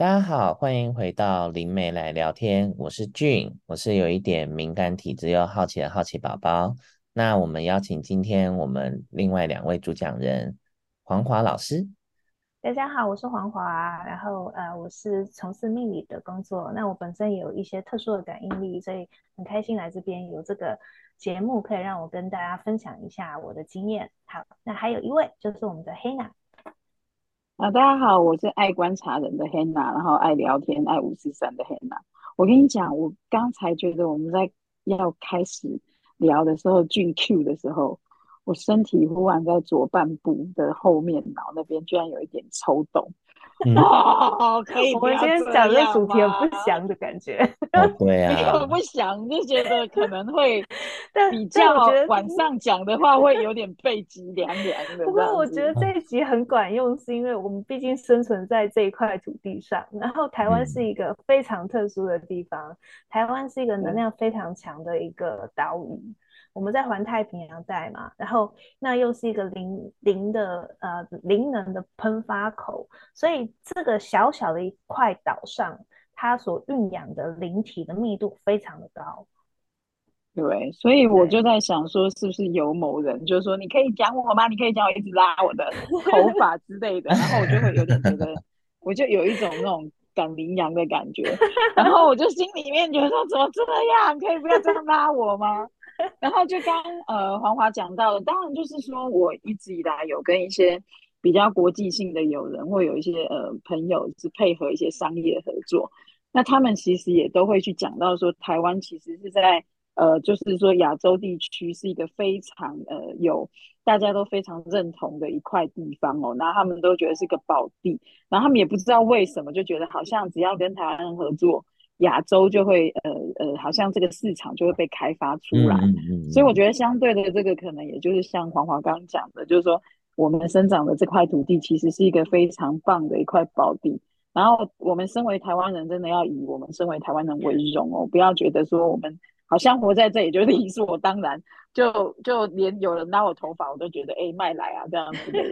大家好，歡迎回到靈媒來聊天。我是 Gin，我是有一點敏感體質又好奇的好奇寶寶。那我們邀請今天我們另外兩位主講人煌華老師。大家好，我是煌華，然後呃，我是從事命理的工作。那我本身也有一些特殊的感應力，所以很開心來這邊有這個節目，可以讓我跟大家分享一下我的經驗。好，那還有一位就是我們的 Hana。啊，大家好，我是愛觀察人的 Hana，然後愛聊天、愛五四三的 Hana。我跟你講，我剛才覺得我們在要開始聊的時候，進 Q 的時候，我身體忽然在左半部的後面腦那邊，居然有一點抽動。 哦，可以。 我們今天講的主題很不祥的感覺，對啊，很不祥，就覺得可能會。但比較 但我覺得晚上講的話，會有點背脊涼涼的。 不過我覺得這一集很管用，是因為我們畢竟生存在這一塊土地上，然後台灣是一個非常特殊的地方，嗯，台灣是一個能量非常強的一個島嶼。我們在環太平洋帶嘛，然後那又是一個靈靈的呃靈能的噴發口，所以這個小小的一塊島上，它所蘊養的靈體的密度非常的高。對，所以我就在想說，是不是有某人，就是說你可以講我嗎？你可以講我一直拉我的頭髮之類的， 然後我就會有點覺得，我就有一種那種趕羚羊的感覺， 然後我就心裡面覺得說，怎麼這樣？可以不要這樣拉我嗎？ 然後就剛剛呃煌華講到了，當然就是說我一直以來有跟一些比較國際性的友人或有一些呃朋友是配合一些商業合作，那他們其實也都會去講到說，台灣其實是在呃就是說亞洲地區是一個非常呃有大家都非常認同的一塊地方哦，然後他們都覺得是個寶地，然後他們也不知道為什麼就覺得好像只要跟台灣人合作。亞洲就會呃呃，好像這個市場就會被開發出來嗯嗯嗯，所以我覺得相對的這個可能也就是像黃華剛講的，就是說我們生長的這塊土地其實是一個非常棒的一塊寶地。然後我們身為台灣人，真的要以我們身為台灣人為榮哦、嗯，不要覺得說我們好像活在這裡就是理所當然就，就就連有人拉我頭髮，我都覺得哎、欸，賣來啊這樣子的。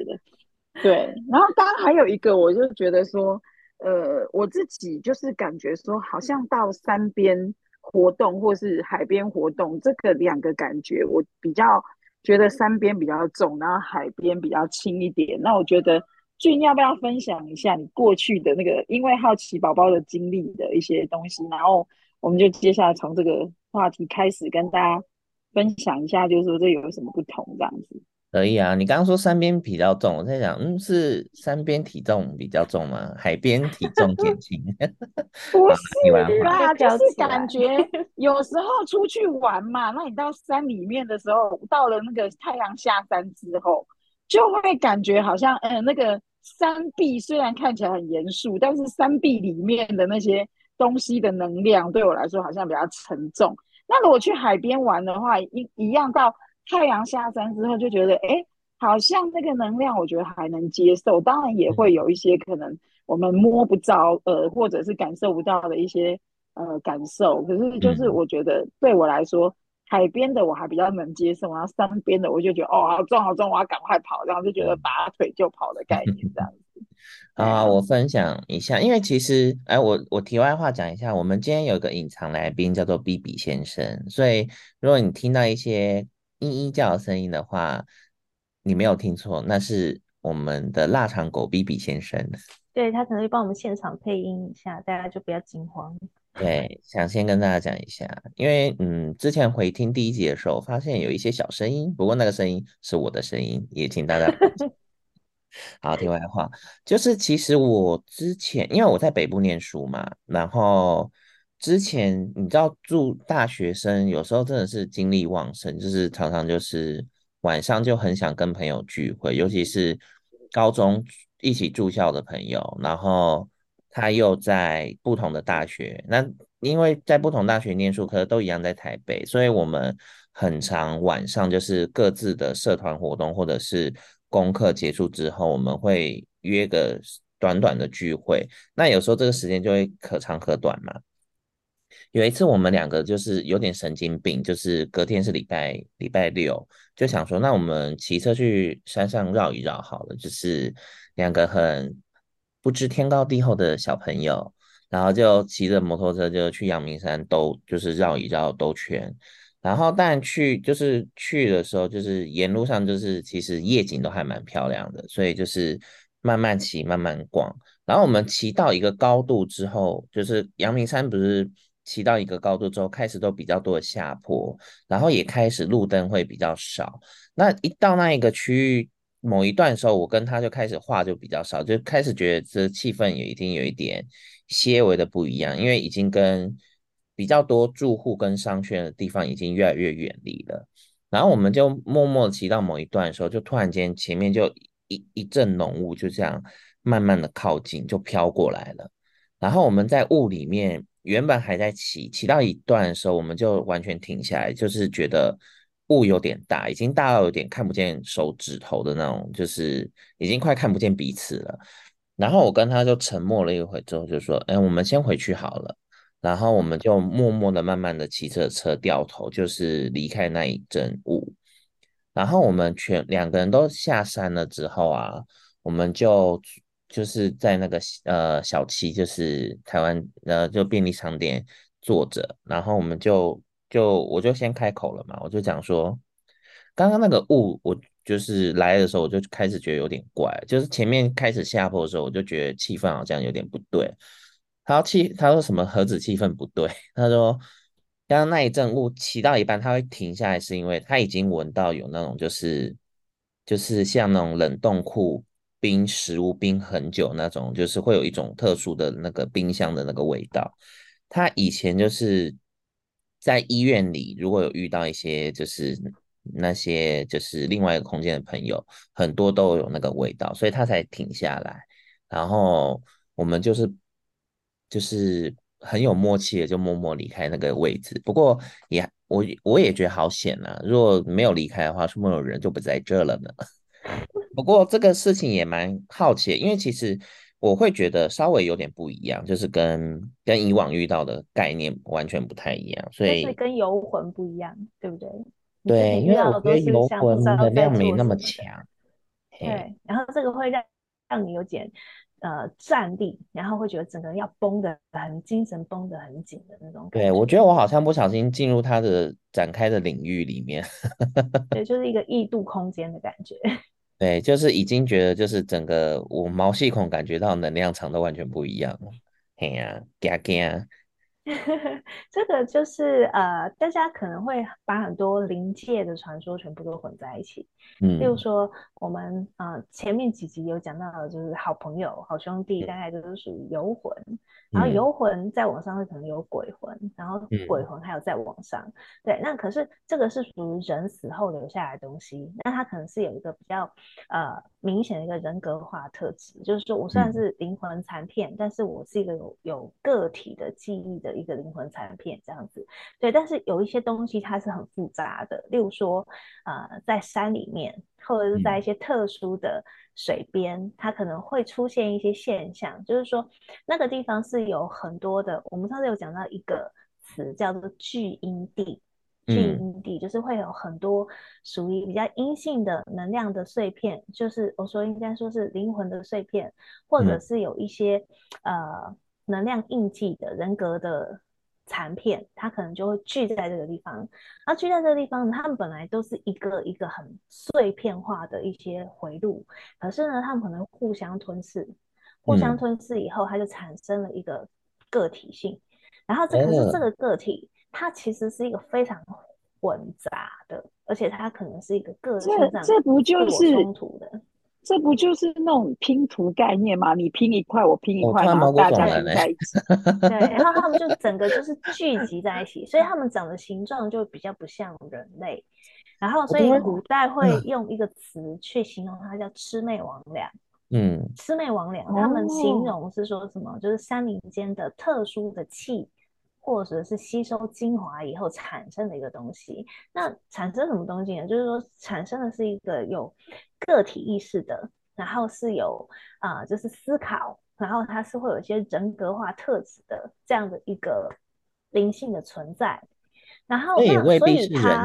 對。然後當然還有一個，我就覺得說。呃，我自己就是感覺說，好像到山邊活動或是海邊活動，這個兩個感覺，我比較覺得山邊比較重，然後海邊比較輕一點。那我覺得，俊，要不要分享一下你過去的那個因為好奇寶寶的經歷的一些東西？然後，我們就接下來從這個話題開始跟大家分享一下，就是說這有什麼不同，這樣子。可以啊，你剛剛說山邊比較重，我在想，嗯，是山邊體重比較重嗎？海邊體重減輕， 不是啦、啊， 啊、不是吧 就是感覺有時候出去玩嘛，那你到山裡面的時候，到了那個太陽下山之後，就會感覺好像，嗯、呃，那個山壁雖然看起來很嚴肅，但是山壁裡面的那些東西的能量對我來說好像比較沉重。那如果去海邊玩的話，一一樣到。太陽下山之後就覺得，哎、欸，好像這個能量，我覺得還能接受。當然也會有一些可能我們摸不着，呃，或者是感受不到的一些呃感受。可是就是我覺得對我來說，嗯、海邊的我還比較能接受，然後山邊的我就覺得哦，好重，好重，我要趕快跑，然後就覺得拔腿就跑的概念這樣子。嗯嗯嗯嗯、啊，我分享一下，因為其實哎、呃，我我題外話講一下，我們今天有個隱藏來賓叫做比比先生，所以如果你聽到一些。嚶嚶叫的聲音的話，你沒有聽錯，那是我們的臘腸狗比比先生。對，他可能會幫我們現場配音一下，大家就不要驚慌。對，想先跟大家講一下，因為嗯，之前回聽第一集的時候，發現有一些小聲音，不過那個聲音是我的聲音，也請大家 好。題外話，就是其實我之前因為我在北部念書嘛，然後。之前你知道住大學生有時候真的是精力旺盛，就是常常就是晚上就很想跟朋友聚會，尤其是高中一起住校的朋友，然後他又在不同的大學，那因為在不同大學念書，課都一樣在台北，所以我們很常晚上就是各自的社團活動或者是功課結束之後，我們會約個短短的聚會，那有時候這個時間就會可長可短嘛。有一次，我們兩個就是有點神經病，就是隔天是禮拜禮拜六，就想說，那我們騎車去山上繞一繞好了。就是兩個很不知天高地厚的小朋友，然後就騎着摩托車就去陽明山兜，就是繞一繞兜圈。然後但去就是去的時候，就是沿路上就是其實夜景都還蠻漂亮的，所以就是慢慢騎慢慢逛。然後我們騎到一個高度之後，就是陽明山不是。騎到一個高度之後，開始都比較多的下坡，然後也開始路燈會比較少。那一到那一個區域某一段時候，我跟他就開始話就比較少，就開始覺得這氣氛也已經有一點些微的不一樣，因為已經跟比較多住戶跟商圈的地方已經越來越遠離了。然後我們就默默騎到某一段的時候，就突然間前面就一一陣濃霧就這樣慢慢的靠近，就飄過來了。然後我們在霧裡面。原本還在騎，騎到一段的時候，我們就完全停下來，就是覺得霧有點大，已經大到有點看不見手指頭的那種，就是已經快看不見彼此了。然後我跟他就沉默了一會之後，就說：“哎、欸，我們先回去好了。”然後我們就默默的慢慢的騎着車掉頭，就是離開那一陣霧。然後我們全兩個人都下山了之後啊，我們就。就是在那個呃小七，就是台灣呃就便利商店坐着，然後我們就就我就先開口了嘛，我就講說，剛剛那個霧，我就是來的時候我就開始覺得有點怪，就是前面開始下坡的時候我就覺得氣氛好像有點不對。他氣他說什麼何止氣氛不對，他說剛剛那一陣霧騎到一半他會停下來是因為他已經聞到有那種就是就是像那種冷凍庫。冰食物冰很久那種，就是會有一種特殊的那個冰箱的那個味道。他以前就是在醫院裡，如果有遇到一些就是那些就是另外一個空間的朋友，很多都有那個味道，所以他才停下來。然後我們就是就是很有默契的，就默默離開那個位置。不過也我我也覺得好險吶、啊，如果沒有離開的話，說不定有人就不在這了呢。 不過這個事情也蠻好奇，因為其實我會覺得稍微有點不一樣，就是跟跟以往遇到的概念完全不太一樣，所以、就是、跟遊魂不一樣，對不對？對，因為我覺得遊魂的能量沒那麼強、嗯。對，然後這個會讓讓你有點呃站立，然後會覺得整個人要繃得很，精神繃得很緊的那種感覺。對，我覺得我好像不小心進入他的展開的領域裡面， 對，就是一個異度空間的感覺。對，就是已經覺得，就是整個我毛細孔感覺到能量場都完全不一樣了。嘿呀、啊，嘎嘎。 這個就是呃，大家可能會把很多靈界的傳說全部都混在一起。嗯，例如說我們呃前面幾集有講到的，就是好朋友、好兄弟，大概就是屬於遊魂、嗯。然後遊魂在往上會可能有鬼魂，然後鬼魂還有在往上。對，那可是這個是屬於人死後留下來的東西，那它可能是有一個比較呃明顯的一個人格化特質，就是說我雖然是靈魂殘片、嗯，但是我是一個有有個體的記憶的。一個靈魂殘片這樣子，對，但是有一些東西它是很複雜的，例如說，啊、呃，在山裡面，或者是在一些特殊的水邊、嗯，它可能會出現一些現象，就是說那個地方是有很多的。我們上次有講到一個詞叫做“聚陰地”，聚陰地就是會有很多屬於比較陰性的能量的碎片，就是我說應該說是靈魂的碎片，或者是有一些、嗯、呃。能量印記的人格的殘片，它可能就會聚在這個地方，而、啊、聚在這個地方呢，他們本來都是一個一個很碎片化的一些迴路，可是呢，他們可能互相吞噬，互相吞噬以後，它就產生了一個個體性，嗯、然後這個、嗯、這個個體，它其實是一個非常混雜的，而且它可能是一個個人成長這不就是衝突的。這不就是那種拼圖概念嗎？你拼一塊，我拼一塊，哦、然後大家聚在一起、哦。對，然後他們就整個就是聚集在一起， 所以他們長的形狀就比較不像人類。然後，所以古代會用一個詞去形容它，叫魑魅魍魎。嗯，魑魅魍魎，他們形容是說什麼？哦、就是山林間的特殊的氣，或者是吸收精華以後產生的一個東西。那產生什麼東西呢？就是說，產生的是一個有。個體意識的，然後是有啊、呃，就是思考，然後它是會有一些人格化特質的這樣的一個靈性的存在。然後那所以它，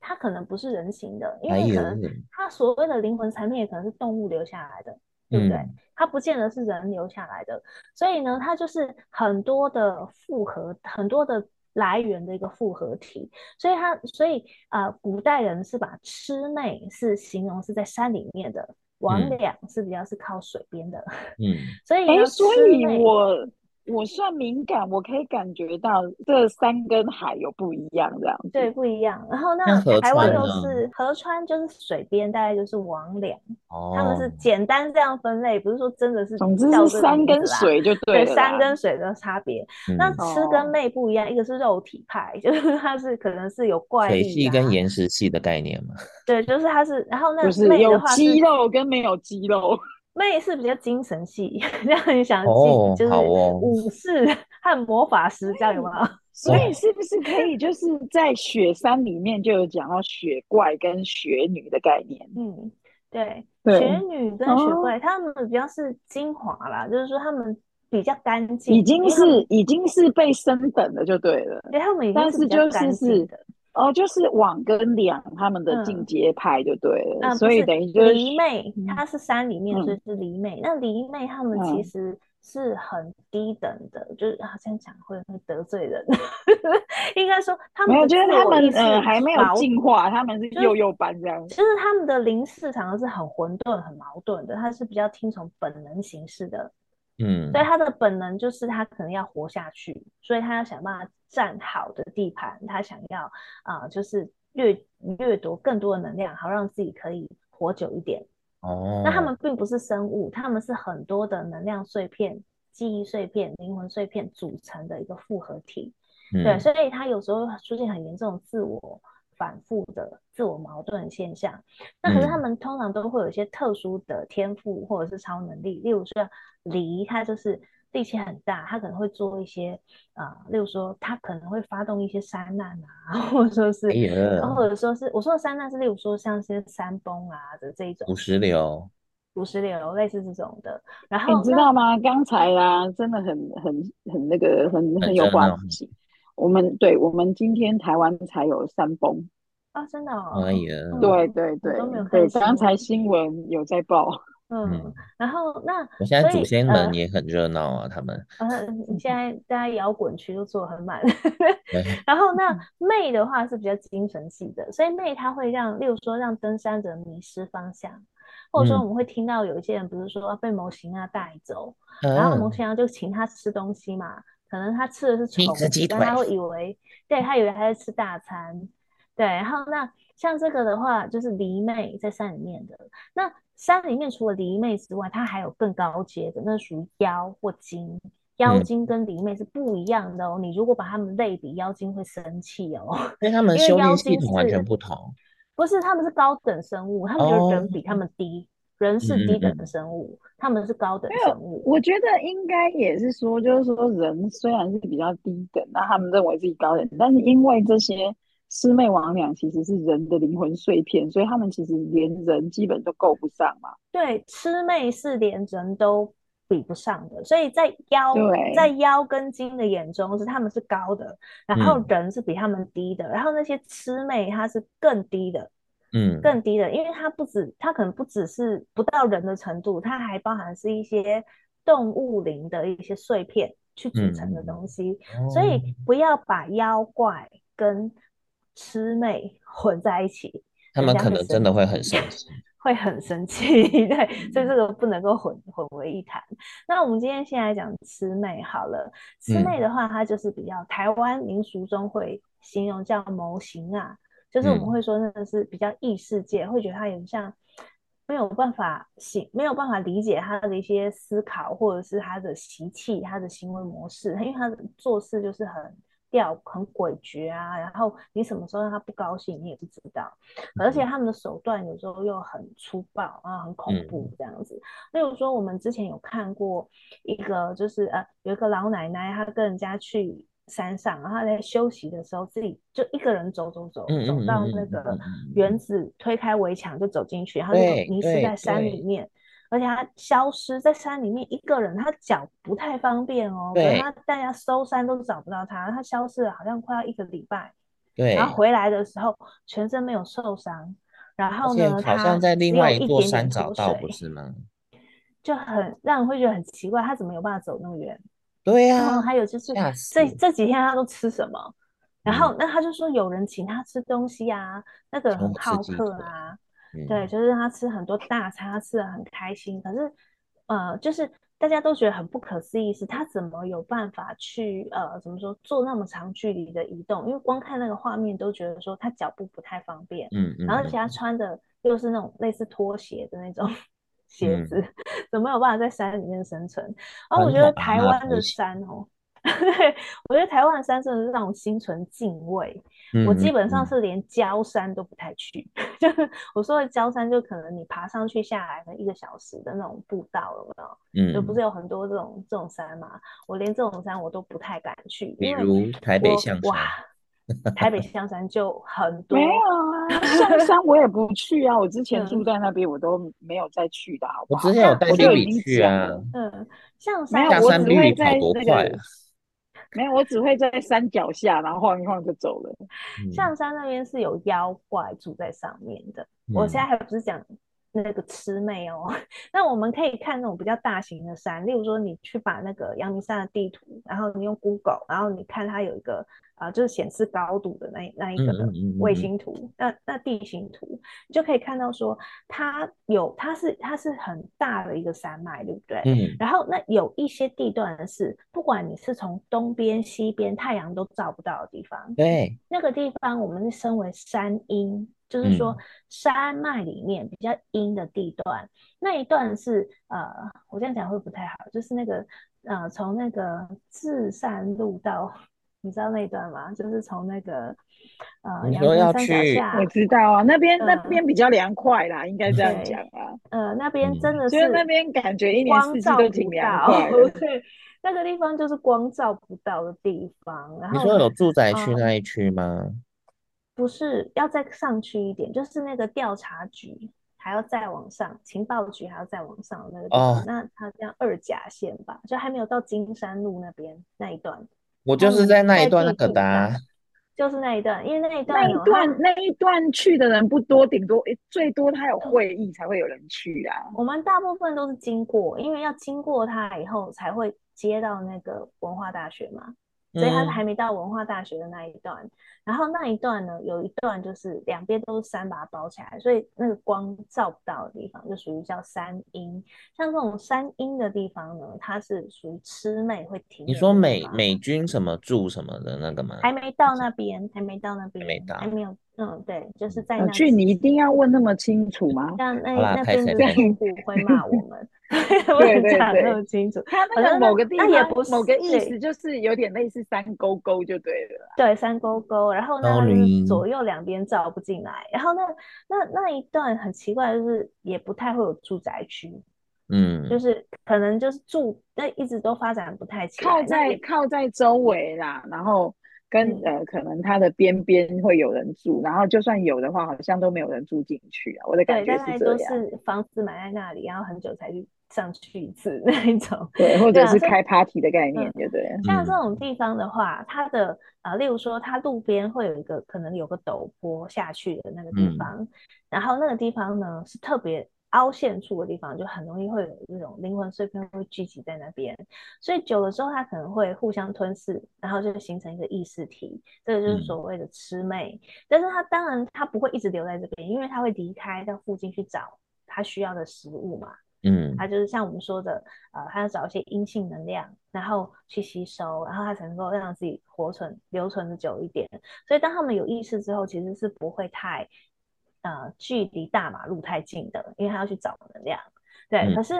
它可能不是人形的，因為可能它所謂的靈魂產品也可能是動物留下來的，哎、對不對？它不見得是人留下來的，嗯、所以呢，它就是很多的複合，很多的。來源的一個複合體，所以他，所以啊、呃，古代人是把“魑魅”是形容是在山裡面的，“魍魎是比較是靠水邊的。嗯，所以、哦，所以我。我算敏感，我可以感覺到這山跟海有不一樣這樣子。對，不一樣。然後那台灣又、就是河川，河川就是水邊，大概就是魍魎。哦。他們是簡單這樣分類，不是說真的是的。總之是山跟水就對。對，山跟水的差別。嗯、那魑跟魅不一樣，一個是肉體派，就是它是可能是有怪異、啊。水系跟岩石系的概念嘛。對，就是它是，然後那魅的話是。就是、有肌肉跟沒有肌肉。妹是比較精神系，讓很想進、oh, 就是武士和魔法師、 嗯、這樣有沒有？所以是，是不是可以就是在雪山裡面就有講到雪怪跟雪女的概念？嗯，對，對雪女跟雪怪，哦，他們比較是精華啦，就是說他們比較乾淨，已經是已經是被升等的就對了，所以他們已經是比較乾淨的。但是就是哦，就是魍跟魎他們的進階派，就對了。嗯、那所以等於就是魑魅，她是山裡面，所、嗯、以、就是魑魅。那魑魅他們其實是很低等的，嗯、就是好像講會會得罪人。 應該說他們我覺得他們呃還沒有進化，他們是幼幼班這樣子。其、就、實、是就是、他們的靈視常常是很混沌、很矛盾的，他是比較聽從本能行事的。嗯，所以他的本能就是他可能要活下去，所以他要想辦法占好的地盤，他想要啊、呃，就是越掠奪更多的能量，好讓自己可以活久一點。哦，那他們並不是生物，他們是很多的能量碎片、記憶碎片、靈魂碎片組成的一個複合體。嗯、對，所以他有時候出現很嚴重的自我。反覆的自我矛盾現象，那可是他們通常都會有一些特殊的天賦或者是超能力。嗯、例如說梨，離他就是力氣很大，他可能會做一些啊、呃，例如說他可能會發動一些山難啊，或者說是，哎、或者說是我說的山難是例如說像些山崩啊的這一種土石流，土石流類似這種的。然後、欸、你知道嗎？剛才啊，真的很很很那個很很，的很有關係。我們對，我們今天台灣才有山崩啊！真的，哦、哎、嗯、呀，對對對，對，對，我對，剛才新聞有在報。嗯，嗯然後那我現在祖先們也很熱鬧啊，呃、他們。嗯、呃，你現在大家搖滾區都坐很滿。 嗯、 然後那、嗯、妹的話是比較精神系的，所以妹她會讓，例如說讓登山者迷失方向，或者說我們會聽到有一些人不是，嗯、說被魔神仔帶走，嗯、然後魔神仔就請她吃東西嘛。可能他吃的是蟲，但他會以為，對他以為他在吃大餐，對。然後那像這個的話，就是魑魅在山裡面的。那山裡面除了魑魅之外，它還有更高階的，那是屬於妖或精。妖精跟魑魅是不一樣的哦。嗯、你如果把它們類比，妖精會生氣哦。因為他們修煉系統完全不同。不是，他們是高等生物，他們就是人比他們低。哦人是低等的生物，Mm-hmm. 他們是高等生物。沒有，我覺得應該也是說，就是說，人雖然是比較低等，那他們認為自己高等，但是因為這些魑魅魍魎其實是人的靈魂碎片，所以他們其實連人基本都夠不上嘛。對，魑魅是連人都比不上的，所以在妖在妖跟精的眼中是他們是高的，然後人是比他們低的，嗯、然後那些魑魅它是更低的。嗯，更低的，因為它不止，它可能不只是不到人的程度，它還包含是一些動物靈的一些碎片去組成的東西，嗯哦、所以不要把妖怪跟魑魅混在一起，他們可能真的會很生， 會很生氣、嗯，對，所以這個不能夠混混為一談。那我們今天先來講魑魅好了，魑魅的話，它就是比較台灣民俗中會形容叫模型啊。就是我們會說，真的是比較異世界，嗯、會覺得他有點像，沒有辦法理，沒有辦法理解他的一些思考，或者是他的習氣、他的行為模式，因為他做事就是很吊，很詭譎啊。然後你什麼時候讓他不高興，你也不知道、嗯。而且他們的手段有時候又很粗暴啊，很恐怖這樣子。例、嗯、如說，我們之前有看過一個，就是呃，有一個老奶奶，她跟人家去。山上，然後在休息的時候，自己就一個人走走走，嗯、走到那個院子，推開圍牆就走進去，然後迷失在山裡面，而且他消失在山裡面一個人，他腳不太方便哦，他大家搜山都找不到他，他消失了好像快要一個禮拜，對，然後回來的時候全身沒有受傷，然後呢，好像在另外一座山找到，到不是嗎？就很讓人會覺得很奇怪，他怎麼有辦法走那麼遠？對呀、啊，還有就是這、yes. 這，這幾天、啊、他都吃什麼？然後、嗯、那他就說有人請他吃東西呀、啊，那個很好客啊、嗯。對，就是讓他吃很多大餐，他吃的很開心。可是呃，就是大家都覺得很不可思議，是他怎麼有辦法去呃，怎麼說做那麼長距離的移動？因為光看那個畫面都覺得說他腳步不太方便。嗯嗯。然後而且他穿的又是那種類似拖鞋的那種。鞋子、嗯、怎麼有辦法在山裡面生存？啊、哦，我覺得台灣的山哦， 對我覺得台灣的山真的是讓我心存敬畏、嗯。我基本上是連郊山都不太去，嗯、就是我說的郊山，就可能你爬上去下來的一個小時的那種步道，有沒有？嗯、就不是有很多這種這種山嘛，我連這種山我都不太敢去，因為比如台北像哇。 台北象山就很多，沒有啊，象 山我也不去啊。我之前住在那邊，我都沒有再去的好不好？嗯、我之前有帶弟弟去啊。嗯，象山沒有，我只會在那、這個、啊。沒有，我只會在山腳下，然後晃一晃就走了。象、嗯、山那邊是有妖怪住在上面的。嗯、我現在還不是講那個魑魅哦。 那我們可以看那種比較大型的山，例如說你去把那個陽明山的地圖，然後你用 Google，然後你看它有一個。啊、呃，就是顯示高度的那那一個衛星圖，嗯嗯嗯、那那地形圖，你就可以看到說它有它是它是很大的一個山脈，對不對，嗯？然後那有一些地段是，不管你是從東邊西邊，太陽都照不到的地方。對、嗯。那個地方我們稱為山陰，就是說山脈裡面比較陰的地段。嗯、那一段是呃，我這樣講會不太好，就是那個呃，從那個至善路到。你知道那一段嗎？就是從那個呃，你說要去、呃下，我知道啊，那邊、呃、那邊比較涼快啦，應該這樣講吧。呃，那邊真的是，嗯、那邊感覺一點，光照不到，哦、對 那個地方就是光照不到的地方。然後你說有住宅區那一區嗎、嗯？不是，要再上去一點，就是那個調查局還要再往上，情報局還要再往上那個地方。哦、那它叫二甲線吧，就還沒有到金山路那邊那一段。我就是在那一段的葛達，就是那一段，因為那一段、那一段、那一段去的人不多，頂多最多他有會議才會有人去啊。我們大部分都是經過，因為要經過他以後才會接到那個文化大學嘛。所以他還沒到文化大學的那一段，嗯、然後那一段呢，有一段就是兩邊都是山把它包起來，所以那個光照不到的地方，就屬於叫山陰。像這種山陰的地方呢，它是屬於魑魅會停。你說美美軍什麼駐什麼的，那個嗎？還沒到那邊，還沒到那邊，還沒到，還沒有。嗯，對，就是在那句、嗯、你一定要問那麼清楚嗎？嗯、像那那邊的住戶會罵我們，對對對對對，問的那麼清楚。他那個某個地方，那也不是某個意思，就是有點類似山溝溝就對了。對，山溝溝，然後呢，左右兩邊照不進來。然後那、嗯、然後那那，那一段很奇怪，就是也不太會有住宅區，嗯，就是可能就是住那一直都發展不太起來。靠在靠在周圍啦，然後。跟呃，可能它的邊邊會有人住、嗯，然後就算有的話，好像都沒有人住進去啊。我的感覺是這樣。大概都是房子買在那裡，然後很久才去上去一次那一種。對，或者是開 party、啊、的概念對，對不對？像這種地方的話，它的啊、呃，例如說，它路邊會有一個可能有個陡坡下去的那個地方，嗯、然後那個地方呢是特別。凹陷處的地方就很容易會有那種靈魂碎片會聚集在那邊，所以久了之後它可能會互相吞噬，然後就形成一個意識體，這個就是所謂的魑魅。但是它當然它不會一直留在這邊，因為它會離開到附近去找它需要的食物嘛。嗯，它就是像我們說的，呃，它要找一些陰性能量，然後去吸收，然後它才能夠讓自己活存、留存的久一點。所以當他們有意識之後，其實是不會太。呃，距離大馬路太近的，因為他要去找能量，對。嗯、可是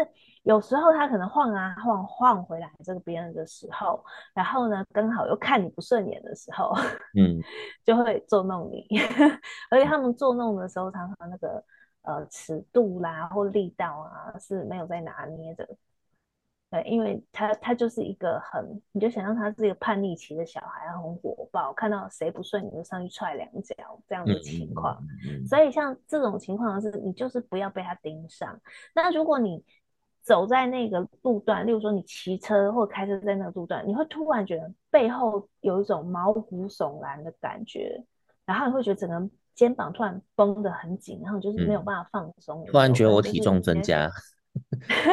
有時候他可能晃啊晃，晃回來這邊的時候，然後呢，剛好又看你不順眼的時候，嗯， 就會作弄你。 而且他們作弄的時候，常常那個呃尺度啦或力道啊是沒有在拿捏的。對、嗯，因為他他就是一個很，你就想象他是一個叛逆期的小孩，很火爆，看到誰不順你就上去踹兩腳這樣的情況、嗯嗯嗯。所以像這種情況是，你就是不要被他盯上。那如果你走在那個路段，例如說你騎車或開車在那個路段，你會突然覺得背後有一種毛骨悚然的感覺，然後你會覺得整個肩膀突然繃得很緊，然後就是沒有辦法放鬆、嗯。突然覺得我體重增加。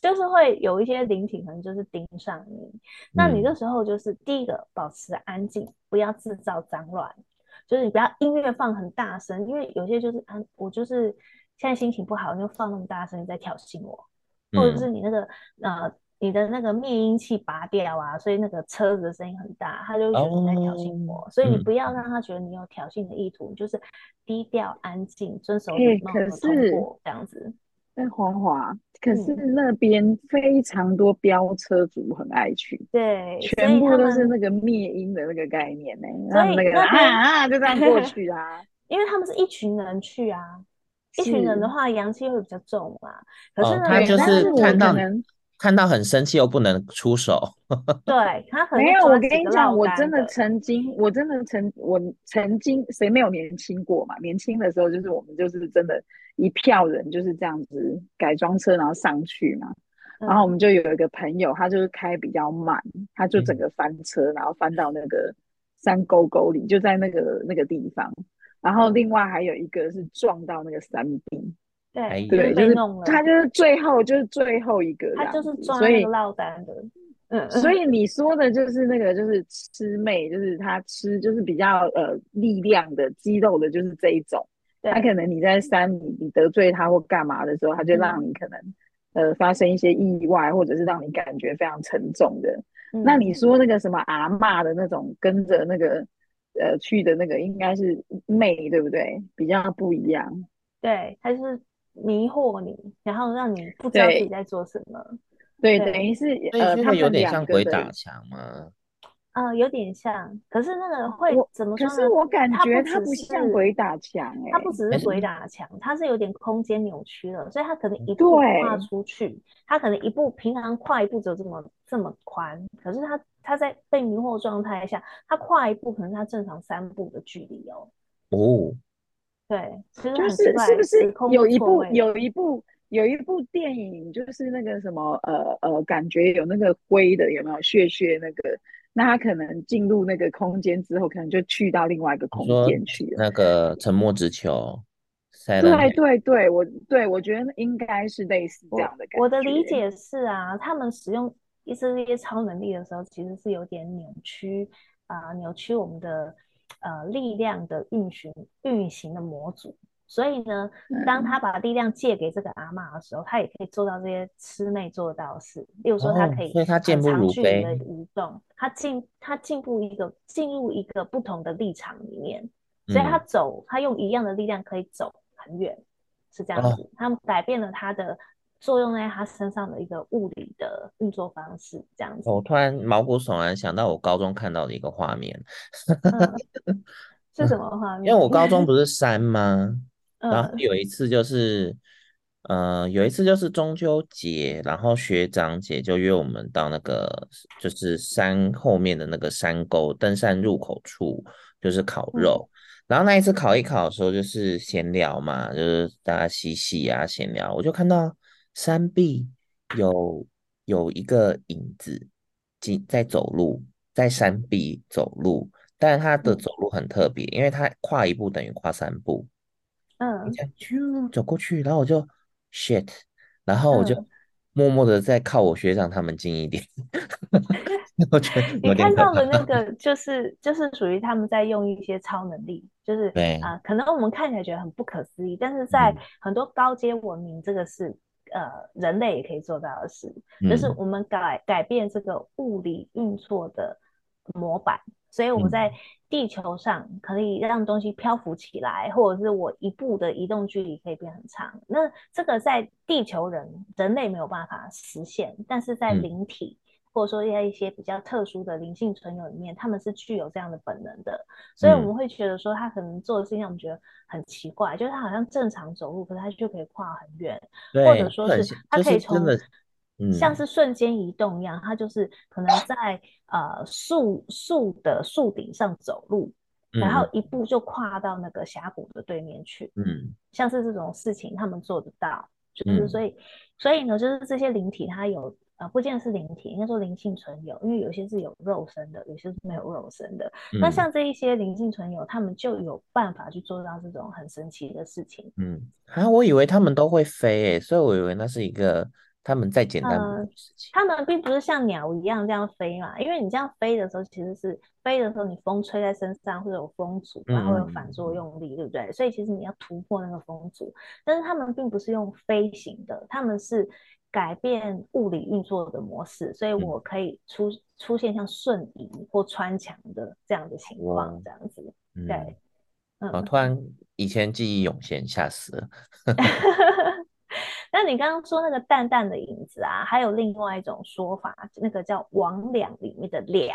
就是會有一些靈體，可能就是盯上你、嗯。那你這時候就是第一個保持安靜，不要製造髒亂。就是你不要音樂放很大聲，因為有些就是啊，我就是現在心情不好，你就放那麼大聲，你在挑釁我。或者是你那個、嗯、呃，你的那個滅音器拔掉啊，所以那個車子的聲音很大，他就覺得你在挑釁我、嗯。所以你不要讓他覺得你有挑釁的意圖，嗯、就是低調、安靜，遵守禮貌和通過這樣子。嗯。在黃華，可是那邊非常多飆車族很愛去，嗯、對，全部都是那個滅音的那個概念呢、欸。所以那個那啊，啊，啊，啊就這樣過去啊， 因為他們是一群人去啊，一群人的話陽氣會比較重嘛。可是呢，哦、他就是看到看到很生氣又不能出手 對，對他很。沒有。我跟你講，我真的曾經，我真的曾我曾經，誰沒有年輕過嘛？年輕的時候就是我們就是真的，一票人就是這樣子改裝車然後上去嘛。然後我們就有一個朋友，他就是開比較慢，嗯、他就整個翻車，然後翻到那個山溝溝裡，嗯，就在那個那個地方。然後另外還有一個是撞到那個山壁。對，對弄了，就是他就是最後就是最後一個，他就是所以落單的，嗯，所以你說的就是那個就是魑魅，就是他吃就是比較呃力量的肌肉的，就是這一種，他可能你在山裡，你得罪他或幹嘛的時候，他就讓你可能、嗯、呃發生一些意外，或者是讓你感覺非常沉重的。嗯、那你說那個什麼阿嬤的那種跟着那個呃去的那個應該是魅對不對？比較不一樣，對，還是。迷惑你，然後讓你不知道自己在做什麼。對，等於是呃，有點像鬼打牆嗎？啊、呃，有點像。可是那個會怎麼說呢？可是我感覺它不，它不像鬼打牆，欸，他它不只是鬼打牆，它是有點空間扭曲了，所以它可能一步跨出去，嗯、它可能一步平常跨一步只有這麼這麼寬，可是它它在被迷惑狀態下，它跨一步可能它正常三步的距離哦。哦。對，就是是不是有一部有一部有一部，有一部電影，就是那個什麼呃呃，感覺有那個灰的有沒有？血血那個，那他可能進入那個空間之後，可能就去到另外一個空間去了。那個《沉默之球》塞了。對對對，我對我覺得應該是類似這樣的感覺我。我的理解是啊，他們使用一些一些超能力的時候，其實是有點扭曲啊、呃，扭曲我們的。呃，力量的運行、運行的模組，所以呢，當他把力量借給這個阿嬤的時候，他也可以做到這些魑魅做得到的事。例如說，他可以長距離的移動，他進他進步一個進入一個不同的立場裡面，所以他走，他用一樣的力量可以走很遠，是這樣子。他改變了他的。作用在他身上的一個物理的運作方式，這樣子。我突然毛骨悚然想到我高中看到的一個畫面、 嗯，是什麼畫面？因為我高中不是山嗎？嗯、然後有一次就是，呃、有一次就是中秋節，然後學長姐就約我們到那個就是山後面的那個山溝登山入口處，就是烤肉、嗯。然後那一次烤一烤的時候，就是閒聊嘛，就是大家嬉戲啊，閒聊，我就看到。山壁有有一個影子，進在走路，在山壁走路，但他的走路很特別，因為他跨一步等於跨三步。嗯，你就走過去，然後我就 shit，然後我就默默的在靠我學長他們近一點。嗯、 我覺得你看到的那個就是 就是屬於他們在用一些超能力，就是對啊、呃，可能我們看起來覺得很不可思議，但是在很多高階文明，這個是。嗯呃，人類也可以做到的事，嗯、就是我們改改變這個物理運作的模板，所以我們在地球上可以讓東西漂浮起來，或者是我一步的移動距離可以變很長。那這個在地球人人類沒有辦法實現，但是在靈體。嗯或者說在一些比較特殊的靈性存有裡面，他們是具有這樣的本能的，所以我們會覺得說他可能做的事情我們覺得很奇怪，嗯、就是他好像正常走路，可是他就可以跨很遠，對，或者說是他可以從、就是嗯，像是瞬間移動一樣，他就是可能在呃樹樹的樹頂上走路、嗯，然後一步就跨到那個峽谷的對面去，嗯，像是這種事情他們做得到，就是、嗯、所以所以呢，就是這些靈體它有。啊、呃，不見得是靈體，應該說靈性存有，因為有些是有肉身的，有些是沒有肉身的。嗯、那像這一些靈性存有，他們就有辦法去做到這種很神奇的事情。嗯，啊，我以為他們都會飛誒、欸，所以我以為那是一個他們再簡單的事情、嗯。他們並不是像鳥一樣這樣飛嘛，因為你這樣飛的時候，其實是飛的時候你風吹在身上會有風阻，然後有反作用力、嗯，對不對？所以其實你要突破那個風阻，但是他們並不是用飛行的，他們是。改變物理運作的模式，所以我可以出、嗯、出現像瞬移或穿牆的這樣的情況，這樣子，嗯、對，我、嗯哦、突然以前記憶湧現，嚇死了。 那你剛剛說那個淡淡的影子啊，還有另外一種說法，那個叫魍魎裡面的魎，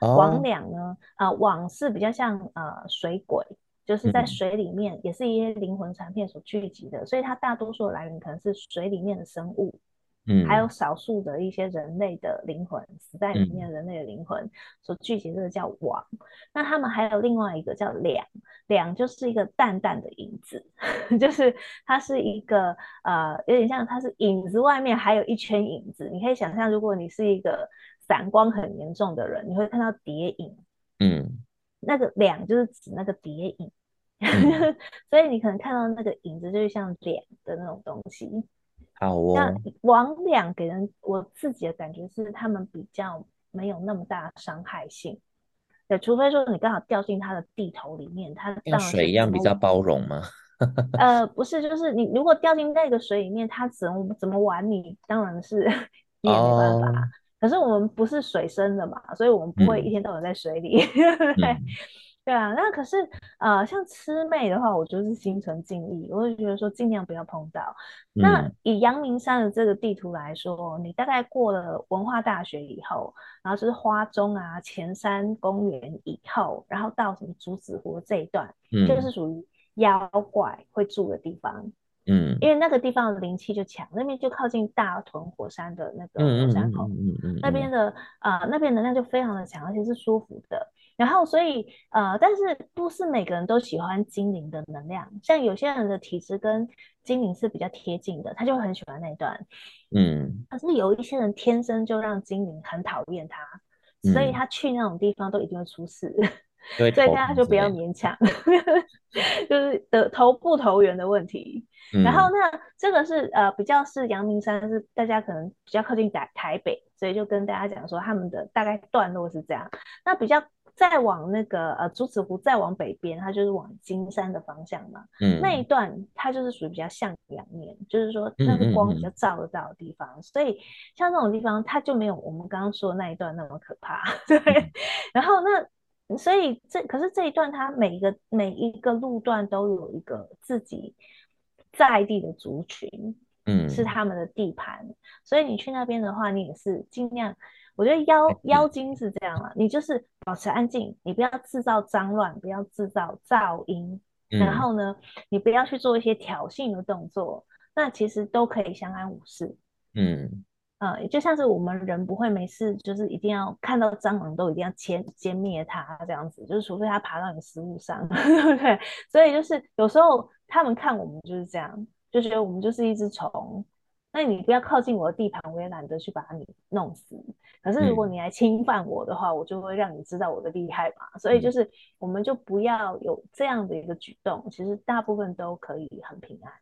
魍、哦、魎呢？啊、呃，魍是比較像啊、呃、水鬼。就是在水裡面，嗯、也是一些靈魂殘片所聚集的，所以它大多數來源可能是水裡面的生物，嗯，還有少數的一些人類的靈魂死在裡面，人類的靈魂所聚集，這個叫魍、嗯。那他們還有另外一個叫魎，魎，就是一個淡淡的影子，就是它是一個呃，有點像它是影子，外面還有一圈影子。你可以想象，如果你是一個散光很嚴重的人，你會看到疊影，嗯。那個魎就是指那個別影、 嗯，所以你可能看到那個影子就是像臉的那種東西。好哦。那魍魎給人我自己的感覺是他們比較沒有那麼大傷害性，對，除非說你剛好掉進他的地頭裡面，他像水一樣比較包容嗎？ 呃，不是，就是你如果掉進那個水裡面，他怎麼怎麼玩你，當然是也沒辦法。哦可是我們不是水生的嘛，所以我們不會一天到晚在水裡。嗯、 對，嗯、對啊。那可是，呃，像魑魅的話，我就是心存敬意，我就覺得說儘量不要碰到、嗯。那以陽明山的這個地圖來說，你大概過了文化大學以後，然後就是花鐘啊、前山公園以後，然後到什麼竹子湖這一段，就是屬於妖怪會住的地方。嗯嗯，因為那個地方的靈氣就強，那邊就靠近大屯火山的那個火山口，那邊的啊，那邊、呃、能量就非常的強，而且是舒服的。然後所以呃，但是不是每個人都喜歡精靈的能量。像有些人的體質跟精靈是比較貼近的，他就會很喜歡那一段。嗯，可是有一些人天生就讓精靈很討厭他，所以他去那種地方都一定會出事。嗯 所以大家就不要勉強，投是 就是的頭不投緣的問題。嗯、然後那這個是呃比較是陽明山，是大家可能比較靠近台台北，所以就跟大家講說他們的大概段落是這樣。那比較再往那個呃竹子湖再往北邊，它就是往金山的方向嘛。嗯。那一段它就是屬於比較向陽面，就是說那個光比較照得到的地方，嗯嗯嗯，所以像這種地方它就沒有我們剛剛說的那一段那麼可怕。對。嗯、然後那。所以這可是這一段，它每一個每一個路段都有一個自己在地的族群，嗯，是他們的地盤。所以你去那邊的話，你也是盡量，我覺得妖妖精是這樣啊，嗯，你就是保持安靜，你不要製造髒亂，不要製造噪音，嗯，然後呢，你不要去做一些挑釁的動作，那其實都可以相安無事，嗯。嗯、呃，就像是我們人不會沒事，就是一定要看到蟑螂都一定要殲殲滅它這樣子，就是除非它爬到你食物上， 對不對？所以就是有時候他們看我們就是這樣，就覺得我們就是一隻蟲。那你不要靠近我的地盤，我也懶得去把你弄死。可是如果你來侵犯我的話，嗯、我就會讓你知道我的厲害嘛。所以就是我們就不要有這樣的一個舉動，其實大部分都可以很平安。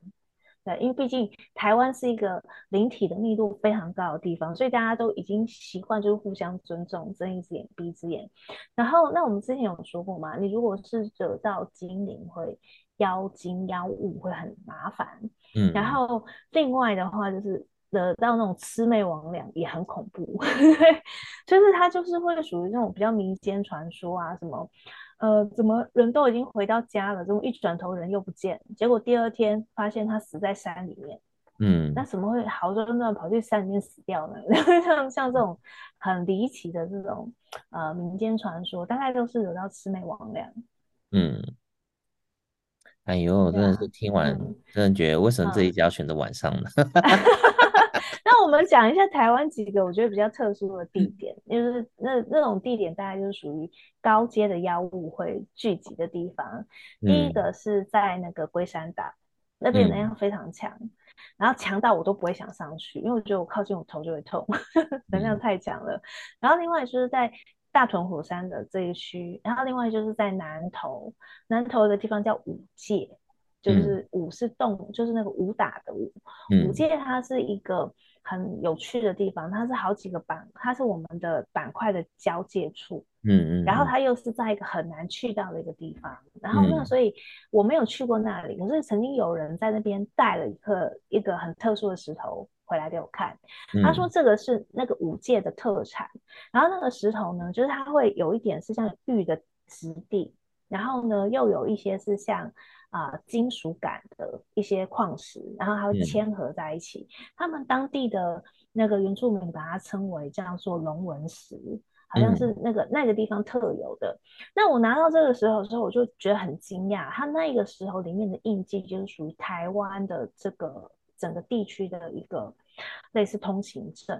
對，因為畢竟台灣是一個靈體的密度非常高的地方，所以大家都已經習慣就是互相尊重，睜一隻眼閉一隻眼。然後，那我們之前有說過嘛，你如果是惹到精靈會妖精妖物會很麻煩。嗯。然後另外的話就是惹到那種魑魅魍魎也很恐怖， 對，就是他就是會屬於那種比較民間傳說啊什麼。呃，怎麼人都已經回到家了，怎麼一轉頭人又不見？結果第二天發現他死在山裡面。嗯，那怎麼會好端端跑去山裡面死掉呢？ 像像這種很離奇的這種呃民間傳說，大概都是有到魑魅魍魉。嗯，哎呦，真的是聽完，嗯，真的覺得為什麼這一家選擇晚上呢？嗯 那我們講一下台灣幾個我覺得比較特殊的地點，嗯、因為就是那那種地點大概就是屬於高階的妖物會聚集的地方。嗯、第一個是在那個龜山島，那邊能量非常強，嗯，然後強到我都不會想上去，因為我覺得我靠近我頭就會痛，嗯，能量太強了。然後另外就是在大屯火山的這一區，然後另外就是在南投，南投的地方叫武界。就是武是洞、嗯，就是那個武打的武。武、嗯、界它是一個很有趣的地方，它是好幾個板，它是我們的板塊的交界處。嗯嗯。然後它又是在一個很難去到的一個地方。然後那所以我沒有去過那裡，可、嗯、是曾經有人在那邊帶了一個一個很特殊的石頭回來給我看。他說這個是那個武界的特產。然後那個石頭呢，就是它會有一點是像玉的質地，然後呢又有一些是像。啊、呃，金屬感的一些礦石，然後它會嵌合在一起。Yeah. 他們當地的那個原住民把它稱為叫做龍紋石，好像是那個、嗯、那個地方特有的。那我拿到這個石頭之後，我就覺得很驚訝。它那個石頭裡面的印記，就是屬於台灣的這個整個地區的一個類似通行證、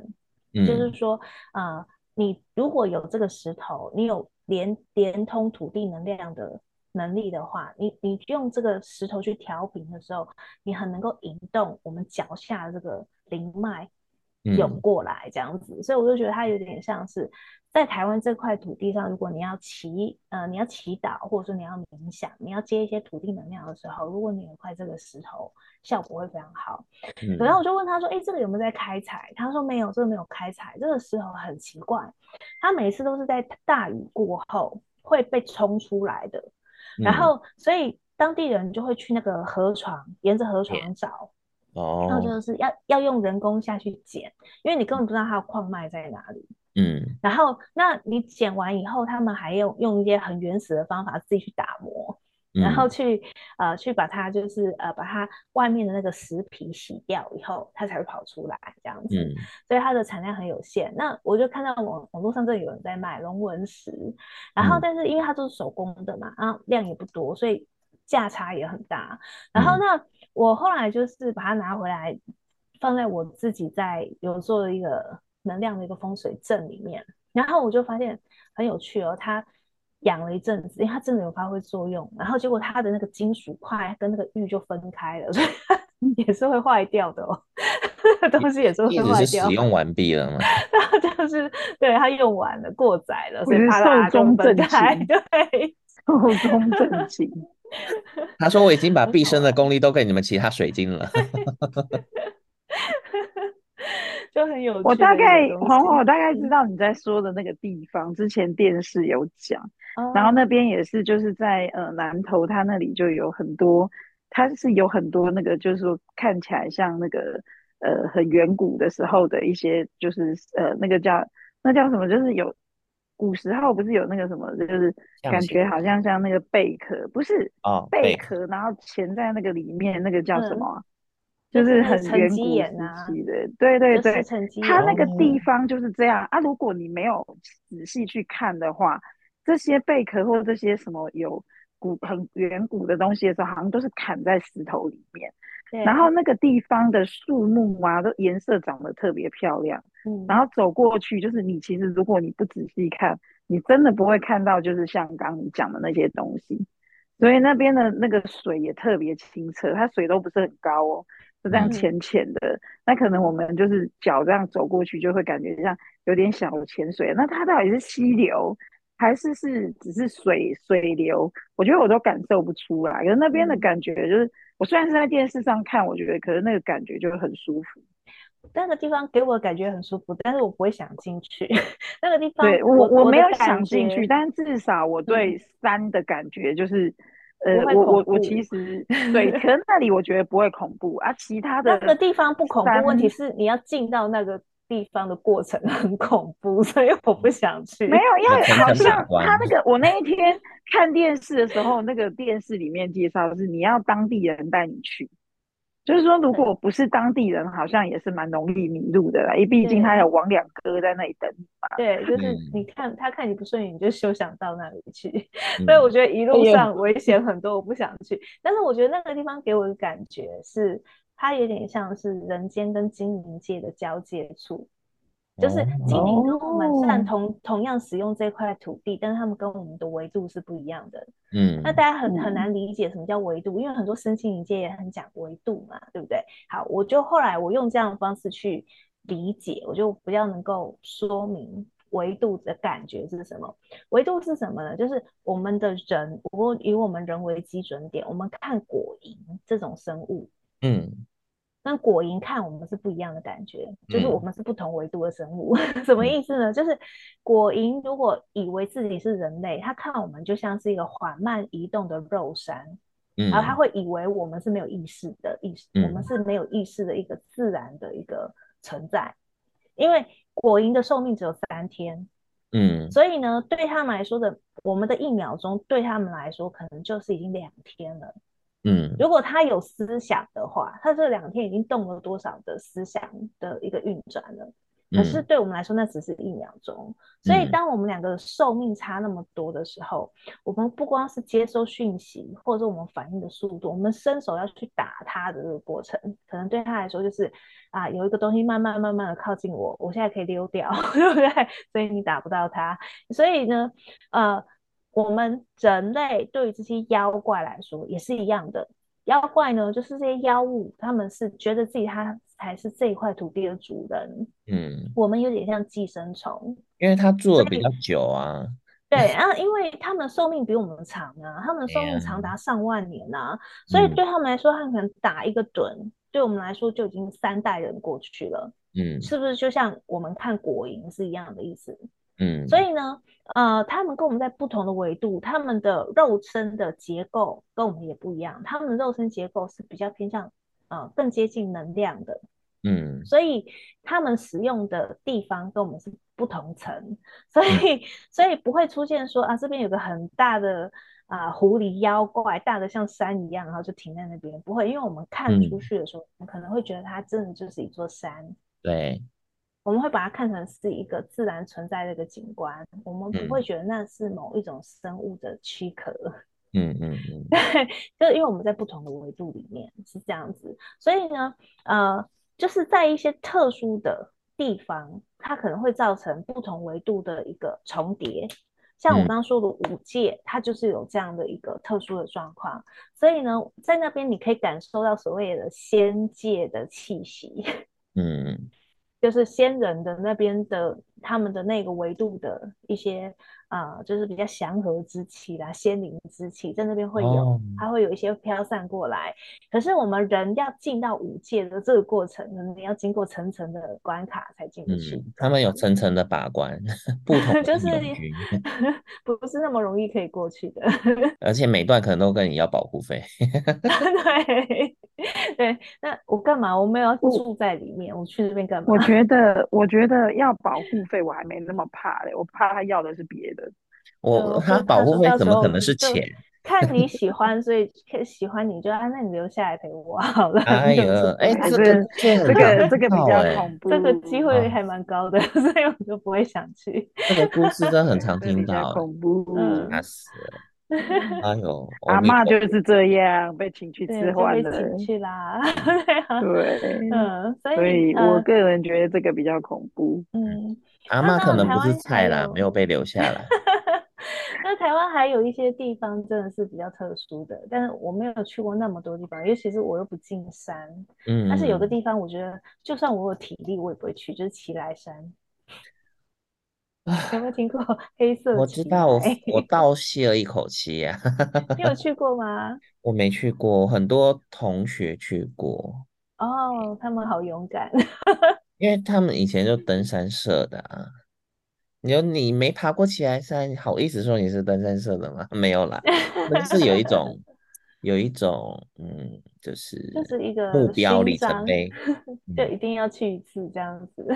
嗯。就是說，呃，你如果有這個石頭，你有連連通土地能量的。能力的話，你你用這個石頭去調平的時候，你很能夠引動我們腳下這個靈脈湧過來、嗯、這樣子，所以我就覺得它有點像是在台灣這塊土地上，如果你要祈呃你要祈禱或者說你要冥想，你要接一些土地能量的時候，如果你有塊這個石頭，效果會非常好。嗯、然後我就問他說：“哎，這個有沒有在開採？”他說：“沒有，這個沒有開採，這個石頭很奇怪，他每次都是在大雨過後會被沖出來的。”然後、嗯，所以當地人就會去那個河床，沿着河床找，然後、哦、那就是要要用人工下去撿，因為你根本不知道它的礦脈在哪裡。嗯，然後那你撿完以後，他們還要用一些很原始的方法自己去打磨。然後去、嗯、呃去把它就是呃把它外面的那個石皮洗掉以後，它才會跑出來這樣子，嗯，所以它的產量很有限。那我就看到網網絡上這裡有人在賣龍紋石，然後但是因為它都是手工的嘛，啊、嗯、量也不多，所以價差也很大。然後那、嗯、我後來就是把它拿回來放在我自己在有做的一個能量的一個風水陣裡面，然後我就發現很有趣哦，它。養了一陣子，因為它真的有發揮作用，然後結果它的那個金屬塊跟那個玉就分開了，所以也是會壞掉的哦呵呵。東西也是會壞掉。也也是使用完畢了嘛。然後就是對它用完了，過載了，所以它壽終正寢。對，壽終正寢。 他說：“我已經把畢生的功力都給你們其他水晶了。 ”就很有趣，我大概，我、那個、我大概知道你在說的那個地方，之前電視有講，哦、然後那邊也是就是在呃，南投，他那裡就有很多，他是有很多那個，就是說看起來像那個呃，很遠古的時候的一些，就是呃，那個叫那叫什麼，就是有古時候不是有那個什麼，就是感覺好像像那個貝殼，不是啊、哦、貝，貝殼，然後潛在那個裡面，那個叫什麼、啊？嗯就是很遠古時期的，對對對，它那個地方就是這樣、嗯、啊。如果你沒有仔細去看的話，這些貝殼或這些什麼有古很遠古的東西的時候，好像都是砍在石頭裡面。然後那個地方的樹木啊，都顏色長得特別漂亮、嗯。然後走過去，就是你其實如果你不仔細看，你真的不會看到，就是像剛你講的那些東西。所以那邊的那個水也特別清澈，它水都不是很高哦。就這樣淺淺的、嗯，那可能我們就是腳這樣走過去，就會感覺像有點小潛水。那它到底是溪流，還是是只是水水流？我覺得我都感受不出來。可是那邊的感覺就是、嗯，我雖然是在電視上看，我覺得，可是那個感覺就很舒服。那個地方給我的感覺很舒服，但是我不會想進去。 那個地方，對我我沒有想進去，但至少我對山的感覺就是。呃，我我我其實對， 可能那裡我覺得不會恐怖啊，其他的那個地方不恐怖，問題是你要進到那個地方的過程很恐怖，所以我不想去。 沒有，因為好像他那個我那一天看電視的時候，那個電視裡面介紹的是你要當地人帶你去。就是說，如果不是當地人，嗯、好像也是蠻容易迷路的啦。因為畢竟他有魍魎哥在那裡等你嘛。對，就是你看、嗯、他看你不順眼，你就休想到那裡去。嗯、 所以我覺得一路上危險很多、嗯，我不想去、嗯。但是我覺得那個地方給我的感覺是，它有點像是人間跟精靈界的交界處。就是精靈跟我們雖然同、oh, 同樣使用這塊土地，但是他們跟我們的維度是不一樣的。嗯，那大家很很難理解什麼叫維度，因為很多身心靈界也很講維度嘛，對不對？好，我就後來我用這樣的方式去理解，我就比較能夠說明維度的感覺是什麼。維度是什麼呢？就是我們的人，我以我們人為基準點，我們看果蠅這種生物，嗯。那果蠅看我們是不一樣的感覺，就是我們是不同維度的生物，嗯、什麼意思呢？就是果蠅如果以為自己是人類，他看我們就像是一個緩慢移動的肉山，嗯、然後他會以為我們是沒有意識的、嗯、意識，我們是沒有意識的一個自然的一個存在，因為果蠅的壽命只有三天，嗯，所以呢，對他們來說的我們的一秒鐘，對他們來說可能就是已經兩天了。嗯，如果他有思想的話，他這兩天已經動了多少的思想的一個運轉了。可是對我們來說，那只是一秒鐘。所以，當我們兩個壽命差那麼多的時候，我們不光是接收訊息，或者是我們反應的速度，我們伸手要去打他的這個過程，可能對他來說就是啊、呃，有一個東西慢慢慢慢的靠近我，我現在可以溜掉，對不對？所以你打不到他。所以呢，呃。我們人類對於這些妖怪來說也是一樣的。妖怪呢，就是這些妖物，他們是覺得自己他才是這一塊土地的主人。嗯，我們有點像寄生蟲，因為他住的比較久啊。對啊，因為他們壽命比我們長啊，他們壽命長達上萬年啊、哎，所以對他們來說，他們可能打一個盹、嗯，對我們來說就已經三代人過去了。嗯，是不是就像我們看果蠅是一樣的意思？嗯，所以呢，呃，他們跟我們在不同的維度，他們的肉身的結構跟我們也不一樣，他們的肉身結構是比較偏向，呃，更接近能量的，嗯，所以他們使用的地方跟我們是不同層，所以，所以不會出現說啊，這邊有個很大的啊、呃、狐狸妖怪，大的像山一樣，然後就停在那邊，不會，因為我們看出去的時候，嗯、我們可能會覺得它真的就是一座山，對。我們會把它看成是一個自然存在的一個景觀，我們不會覺得那是某一種生物的軀殼。嗯嗯嗯，嗯 對，就因為我們在不同的維度裡面是這樣子，所以呢，呃，就是在一些特殊的地方，它可能會造成不同維度的一個重疊。像我剛剛說的五界，它就是有這樣的一個特殊的狀況，所以呢，在那邊你可以感受到所謂的仙界的氣息。嗯。就是先人的那邊的，他們的那個維度的一些。啊、uh,，就是比較祥和之氣啦，啊，仙靈之氣在那邊會有，oh. 它會有一些飄散過來。可是我們人要進到五界的這個過程呢，你要經過層層的關卡才進得去，嗯。他們有層層的把關， 不同的你，就是，不是那麼容易可以過去的。 而且每段可能都跟你要保護費。 對對，那我幹嘛？我沒有住在裡面，哦，我去那邊幹嘛？我覺得，我覺得要保護費，我還沒那麼怕嘞。我怕他要的是別的。我、嗯、他保護費怎麼可能是錢？看你喜歡， 所以可喜歡你就啊，那你留下來陪我好了。哎呦，哎、欸，這個這個這個比較恐怖， 這個機會還蠻高的、哦，所以我就不會想去。這個故事真的很常聽到，恐怖。嗯，是、嗯。哎呦， 哦、阿嬤就是這樣 被請去吃飯的。被請去啦。 對。嗯。所以，所以我個人覺得這個比較恐怖。嗯。嗯阿嬤、啊、可能不是菜啦，沒有被留下來。 那台灣還有一些地方真的是比較特殊的，但是我沒有去過那麼多地方，尤其是我又不進山。嗯，但是有個地方我覺得，就算我有體力，我也不會去，就是奇萊山。啊、有沒有聽過黑色？我知道我，我倒吸了一口氣呀、啊。 你有去過嗎？我沒去過，很多同學去過。哦、 oh,，他們好勇敢。 因為他們以前就登山社的啊。有你，你沒爬過奇萊山，你好意思說你是登山社的嗎？沒有啦，但是有一種， 有一種，嗯，就是就是一個目標里程碑，就是嗯，就一定要去一次這樣子。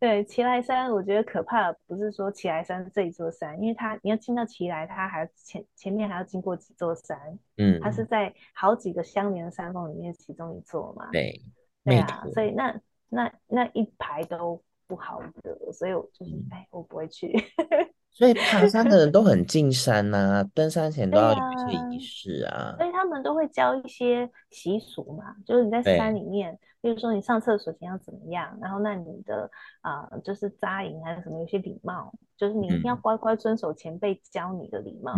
對，奇萊山，我覺得可怕的不是說奇萊山是這一座山，因為它你要進到奇萊，它還前前面還要經過幾座山，嗯，它是在好幾個相連的山峰裡面其中一座嘛。對，對啊，所以那那那一排都不好的，所以我就是哎、嗯，我不會去。 所以爬山的人都很敬山吶、啊， 登山前都要有一些儀式啊。所以他們都會教一些習俗嘛，就是你在山裡面，比如說你上廁所前要怎麼樣，然後那你的啊、呃，就是紮營還是什麼，有些禮貌、嗯，就是你一定要乖乖遵守前輩教你的禮貌。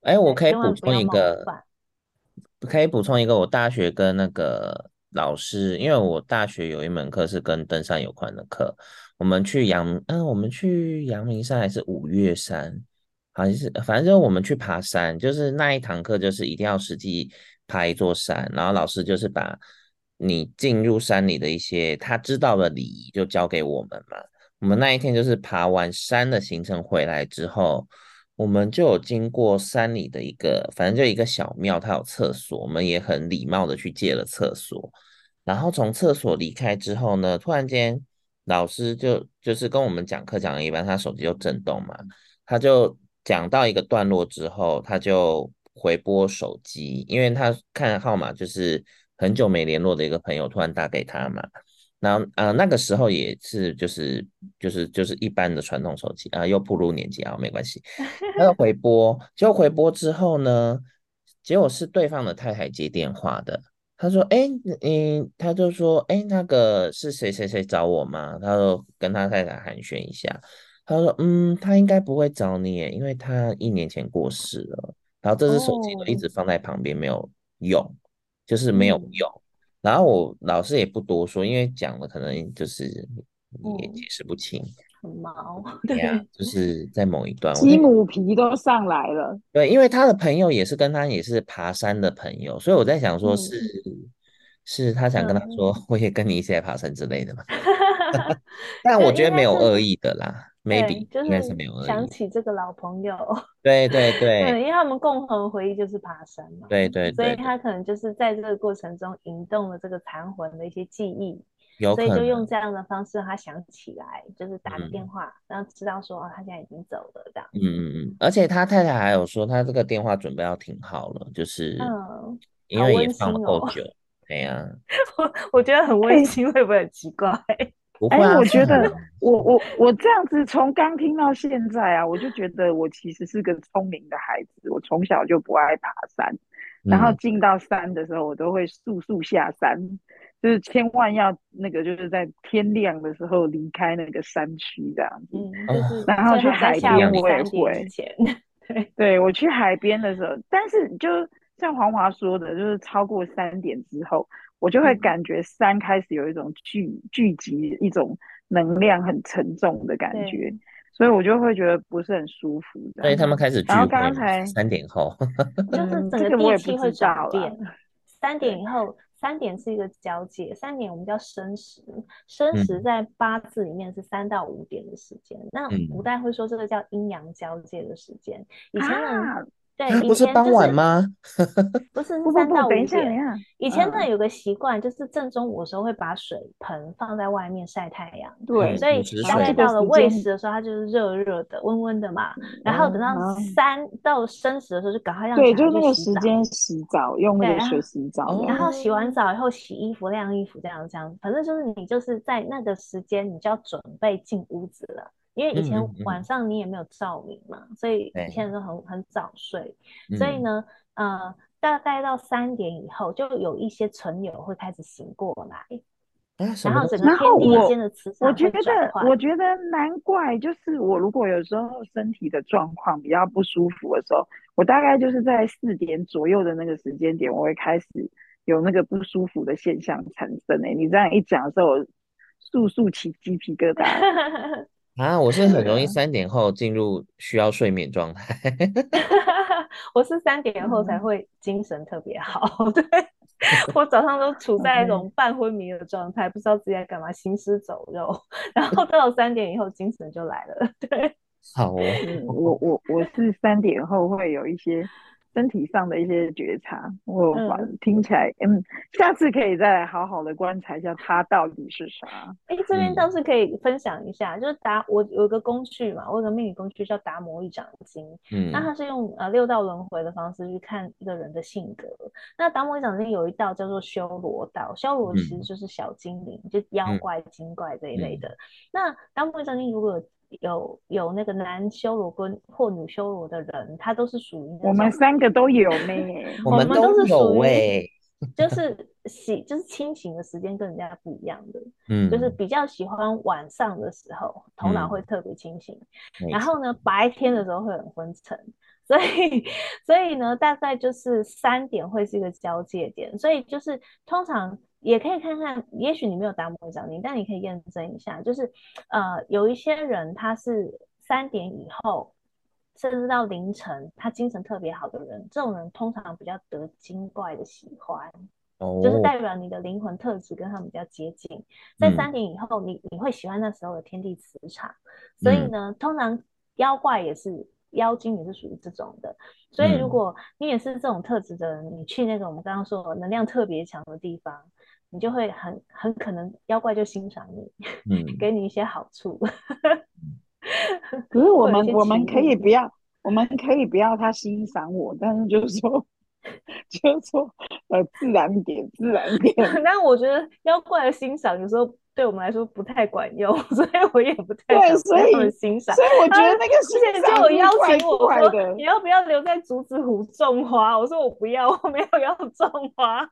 哎、嗯欸，我可以補充一個。以可以補充一個，我大學跟那個。老師，因為我大學有一門課是跟登山有關的課，我們去陽，嗯、呃，我們去陽明山還是五嶽山，好像是，反正就我們去爬山，就是那一堂課就是一定要實際爬一座山，然後老師就是把你進入山裡的一些他知道的禮儀就交給我們嘛，我們那一天就是爬完山的行程回來之後。我們就有經過山裡的一個，反正就一個小廟，它有廁所，我們也很禮貌的去借了廁所。然後從廁所離開之後呢，突然間老師就就是跟我們講課講到一半，他手機就震動嘛，他就講到一個段落之後，他就回撥手機，因為他看號碼就是很久沒聯絡的一個朋友突然打給他嘛。然後啊、呃，那個時候也是、就是，就是就是就是一般的傳統手機啊、呃，又步入年紀啊，沒關係。那個回撥，結果回撥之後呢，結果是對方的太太接電話的。他說：“哎，嗯，他就說，哎，那個是誰誰誰找我嗎？”他說：“跟他太太寒暄一下。”他說：“嗯，他應該不會找你，因為他一年前過世了。然後這隻手機我一直放在旁邊、Oh. 沒有用，就是沒有用。”然後我老師也不多說，因為講了，可能就是也解釋不清，嗯、很毛對呀，就是在某一段，雞母皮都上來了。對，因為他的朋友也是跟他也是爬山的朋友，所以我在想說是，是、嗯、是他想跟他說，我也跟你一起來爬山之類的嘛？ 但我覺得沒有惡意的啦。maybe 就是想起這個老朋友，對對對，因為他們共同的回憶就是爬山嘛，對對，對，對對，所以他可能就是在這個過程中引動了這個殘魂的一些記憶有，所以就用這樣的方式，他想起來就是打個電話，然後知道說哦，他現在已經走了這樣。嗯嗯嗯，而且他太太還有說，他這個電話準備要停好了，就是、嗯哦、因為也放了夠久，對呀、啊。我我覺得很溫馨，會不會很奇怪？哎、啊欸啊，我覺得 我我我這樣子從剛聽到現在啊，我就覺得我其實是個聰明的孩子。我從小就不愛爬山，然後進到山的時候，我都會速速下山，嗯、就是千萬要那個，就是在天亮的時候離開那個山區這樣子、嗯就是。然後去海邊。下、嗯、會。對， 對我去海邊的時候，但是就像煌華說的，就是超過三點之後。我就會感覺三開始有一種聚、聚集一種能量很沉重的感覺，所以我就會覺得不是很舒服。對，他們開始聚會。然後剛才，三點後，就是整個天氣會轉變。三點以後，三點是一個交界，三點我們叫申時，申時在八字裡面是三到五點的時間，嗯、那古代會說這個叫陰陽交界的時間，以前。啊對、就是，不是傍晚嗎？ 不是三到五點不不不，等一下。以前呢，有個習慣，就是正中午的時候會把水盆放在外面曬太陽。對、嗯，所以大概、嗯、到了餵食的時候，它就是熱熱的、溫、嗯、溫的嘛。然後等到三、嗯嗯、到生食的時候，就趕快讓它去洗澡。對，就是那個時間洗澡，用那個水洗澡、嗯。然後洗完澡以後洗衣服、晾衣服，這樣這樣。反正就是你就是在那個時間，你就要準備進屋子了。因為以前晚上你也沒有照明嘛，嗯嗯嗯，所以以前都很很早睡，嗯，所以呢，呃，大概到三點以後，就有一些存有會開始醒過來，嗯，然後整個天地間的磁場我，我覺得，我覺得難怪，就是我如果有時候身體的狀況比較不舒服的時候，我大概就是在四點左右的那個時間點，我會開始有那個不舒服的現象產生，欸。你這樣一講的時候，我速速起雞皮疙瘩。 啊，我是很容易三點後進入需要睡眠狀態。 我是三點後才會精神特別好，對，我早上都處在一種半昏迷的狀態，不知道自己在幹嘛，行屍走肉。然後到了三點以後，精神就來了，對。好哦，我我我我是三點後會有一些。身體上的一些覺察，我聽起來嗯，嗯，下次可以再好好的觀察一下，他到底是啥？哎，這邊倒是可以分享一下，嗯、就是達，我有一個工具嘛，我有個命理工具叫《達摩一掌經》，嗯，那它是用呃六道輪迴的方式去看一個人的性格。那《達摩一掌經》有一道叫做修羅道，修羅其實就是小精靈，嗯、就妖怪、精怪這一類的。嗯嗯、那《達摩一掌經》如果有有有那個男修羅跟或女修羅的人，他都是屬於我們三個都有咩 我、欸，我們都是屬於，就是喜就是清醒的時間跟人家不一樣的，嗯， 就是比較喜歡晚上的時候頭腦會特別清醒，嗯，然後呢、嗯、白天的時候會很昏沉，所以所以呢大概就是三點會是一個交界點，所以就是通常。也可以看看，也許你沒有達摩掌，你但你可以驗證一下，就是，呃，有一些人他是三點以後，甚至到凌晨，他精神特別好的人，這種人通常比較得精怪的喜歡，哦、oh.，就是代表你的靈魂特質跟他們比較接近，在三點以後，mm. 你你會喜歡那時候的天地磁場，mm. 所以呢，通常妖怪也是妖精也是屬於這種的，所以如果你也是這種特質的人，你去那種我們剛剛說能量特別強的地方。你就會很很可能妖怪就欣賞你，嗯，給你一些好處。可是我們我們可以不要，我們可以不要他欣賞我，但是就是說，就是說呃自然點，自然點。但我覺得妖怪的欣賞有時候對我們來說不太管用，所以我也不太想讓他們欣賞。所以我覺得那個世界上有妖怪，我說，你要不要留在竹子湖種花？我說我不要，我沒有要種花。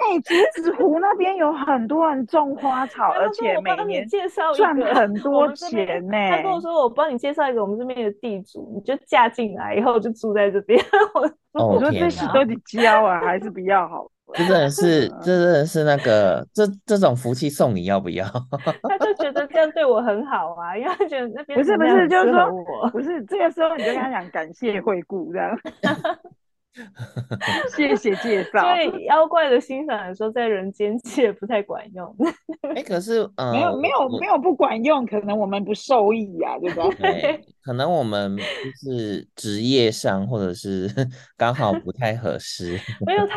哎、欸，竹子湖那邊有很多人種花草， 而且每年賺很多錢呢、欸。 他跟我說：“我幫你介紹一個我們這邊的地主，你就嫁進來以後就住在這邊。 ”我說：“這、哦、些都得交啊，啊 還是比較好。”真的是，這真的是那個這這種福氣送你要不要？ 他就覺得這樣對我很好啊，因為他覺得那邊不是不是，就是說，不是這個時候你就跟他講感謝惠顧這樣。 謝謝介紹。對妖怪的欣賞來說，在人間界不太管用。哎、 欸，可是、呃、沒有沒有沒有不管用，可能我們不受益呀、啊，對吧？對、欸，可能我們就是職業上，或者是剛好不太合適。 沒有他，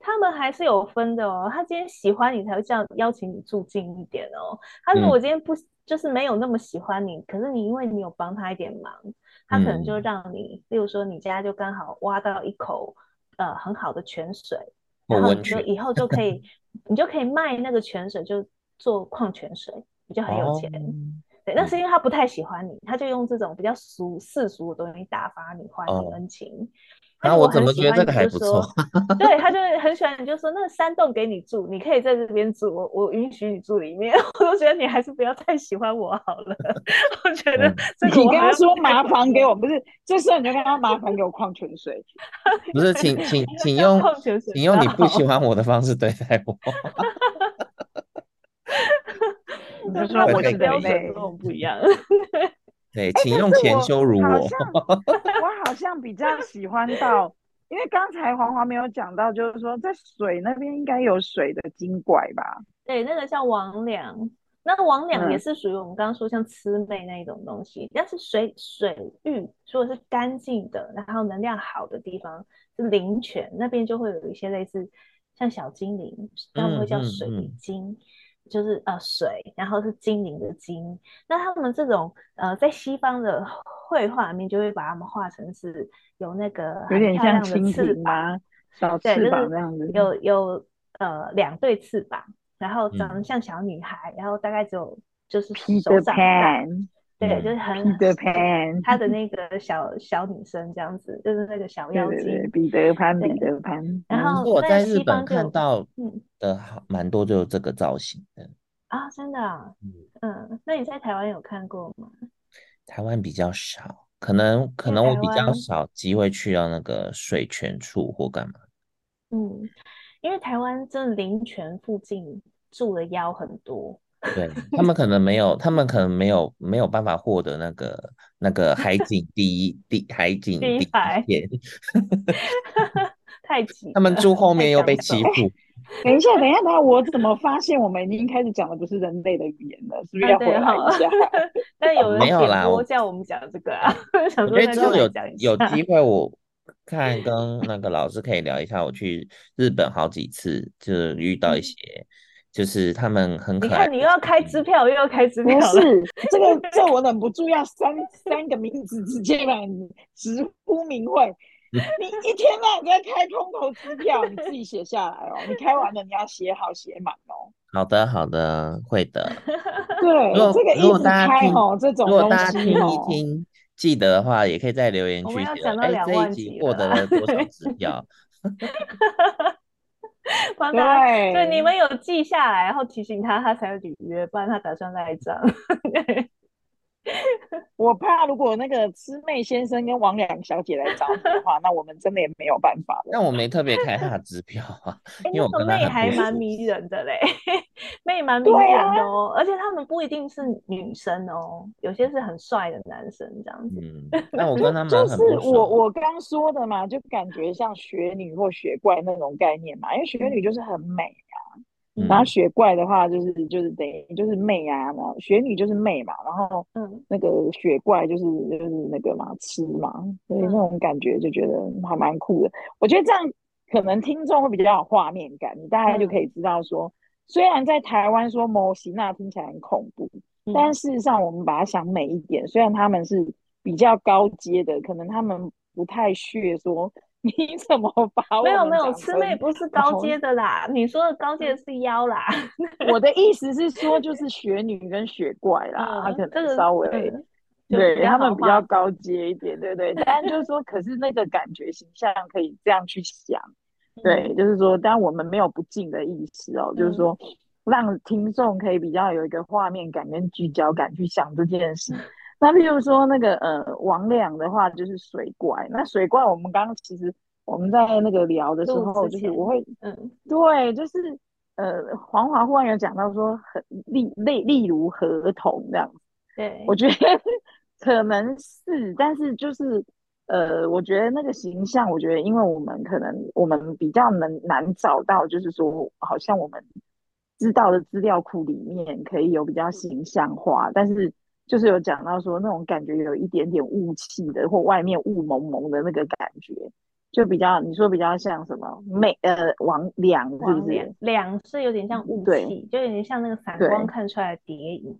他們還是有分的哦。他今天喜歡你，才會這樣邀請你住近一點哦。他說我今天不、嗯，就是沒有那麼喜歡你，可是你因為你有幫他一點忙。他可能就讓你、嗯，例如說你家就剛好挖到一口呃很好的泉水泉，然後你就以後就可以， 你就可以賣那個泉水，就做礦泉水，你就很有錢。哦、對，那是因為他不太喜歡你，他就用這種比較俗世俗的東西打發你，還你恩情。哦那我，、啊、我怎麼覺得這個還不錯 ？對，他就很喜歡，你就說那個山洞給你住， 你可以在這邊住，我我允許你住裡面。我都覺得你還是不要太喜歡我好了。 我覺得這、嗯、你跟他說麻煩給我， 不是，這時候你就跟他麻煩給我礦泉水， 不是，請請請用 請用你不喜歡我的方式對待我。他 說 我是標準，跟我不一樣。 對，請用錢羞辱我，欸我。我好像比較喜歡到， 因為剛才煌華沒有講到，就是說在水那邊應該有水的精怪吧？對，那個叫魍魎，那個，魍魎也是屬於我們剛剛說像魑魅那種東西。要、嗯、是水水域，如果是乾淨的，然後能量好的地方，是靈泉那邊就會有一些類似像小精靈，他們會叫水晶。嗯嗯嗯就是呃水，然後是精靈的精。那他們這種呃，在西方的繪畫裡面，就會把他們畫成是有那個有點像蜻蜓的翅膀，小翅膀對，就是有有呃兩對翅膀，然後長得像小女孩，嗯、然後大概只有就是手掌長。對，就是很彼得潘，Pan，他的那個小小女生這樣子，就是那個小妖精。 對，對對，彼得潘，彼得潘。然後如果我在日本看到的，好蠻多就是這個造型的啊、哦，真的、哦。啊、嗯。嗯，那你在台灣有看過嗎？台灣比較少，可能可能我比較少機會去到那個水泉處或幹嘛。嗯，因為台灣真的林泉附近住的妖很多。 對，他們可能沒有，他們可能沒有沒有辦法獲得那個那個海景第一第海景第一片， 太奇起了。 他們住後面又被欺負。等一下，等一下，等一下，我怎麼發現我們已經開始講的不是人類的語言了？是不是要回來一下？啊、好 但有人叫、啊、 沒有啦？我像 我們講這個啊，想 說有講有機會，我看跟那個老師可以聊一下。我去日本好幾次， 就遇到一些。嗯就是他們很可怕，你看你又要開支票又要開支票是 這個這我忍不住要三三個名字直接讓你直呼名諱， 你一天到晚在開空頭支票， 你自己寫下來哦，你開完了你要寫好寫滿哦。好的好的，會的。對，如果如果大家這種東西，哦，如果大家聽一聽記得的話，也可以在留言區寫。哎、欸，這一集獲得了多少支票？ 幫他，就你們有記下來，然後提醒他，他才有履約，不然他打算賴賬。對 我怕如果那個師妹先生跟王良小姐來找你的話， 那我們真的也沒有辦法。但我沒特別開那支票啊。那、 欸、我妹還蠻迷人的嘞， 妹蠻迷人的哦、啊。而且他們不一定是女生哦，有些是很帥的男生這樣子。嗯，那我跟他們 就是我我剛說的嘛，就感覺像雪女或雪怪那種概念嘛，因為雪女就是很美、啊嗯然後雪怪的話就是、嗯、就是等於就是魅啊嘛，然後雪女就是魅嘛，然後那個雪怪就是就是那個嘛魑嘛，所以那種感覺就覺得還蠻酷的。我覺得這樣可能聽眾會比較有畫面感，你大概就可以知道說，嗯、雖然在台灣說魔神仔聽起來很恐怖，但事實上我們把它想美一點，雖然他們是比較高階的，可能他們不太屑說。 你怎麼把我？沒有沒有，魑魅不是高階的啦，嗯。你說的高階是妖啦， 我的意思是說，就是雪女跟雪怪啦，嗯，他可能稍微，這個、對，對，對他們比較高階一點，對，對對。但就是說，可是那個感覺形象可以這樣去想，嗯、對，就是說，但我們沒有不敬的意思哦，嗯、就是說，讓聽眾可以比較有一個畫面感跟聚焦感去想這件事。那比如說那個呃魍魎的話，就是水怪，那水怪我們剛剛其實我們在那個聊的時候，就是我會嗯對，就是呃黃華忽然有講到說，例例例如河童這樣子，對我覺得可能是，但是就是呃我覺得那個形象，我覺得因為我們可能我們比較能難找到，就是說好像我們知道的資料庫裡面可以有比較形象化，嗯、但是。就是有講到說那種感覺有一點點霧氣的，或外面霧濛濛的那個感覺，就比較你說比較像什麼魅呃魍魎，就是不是？魎是有點像霧氣，就有點像那個散光看出來的疊影。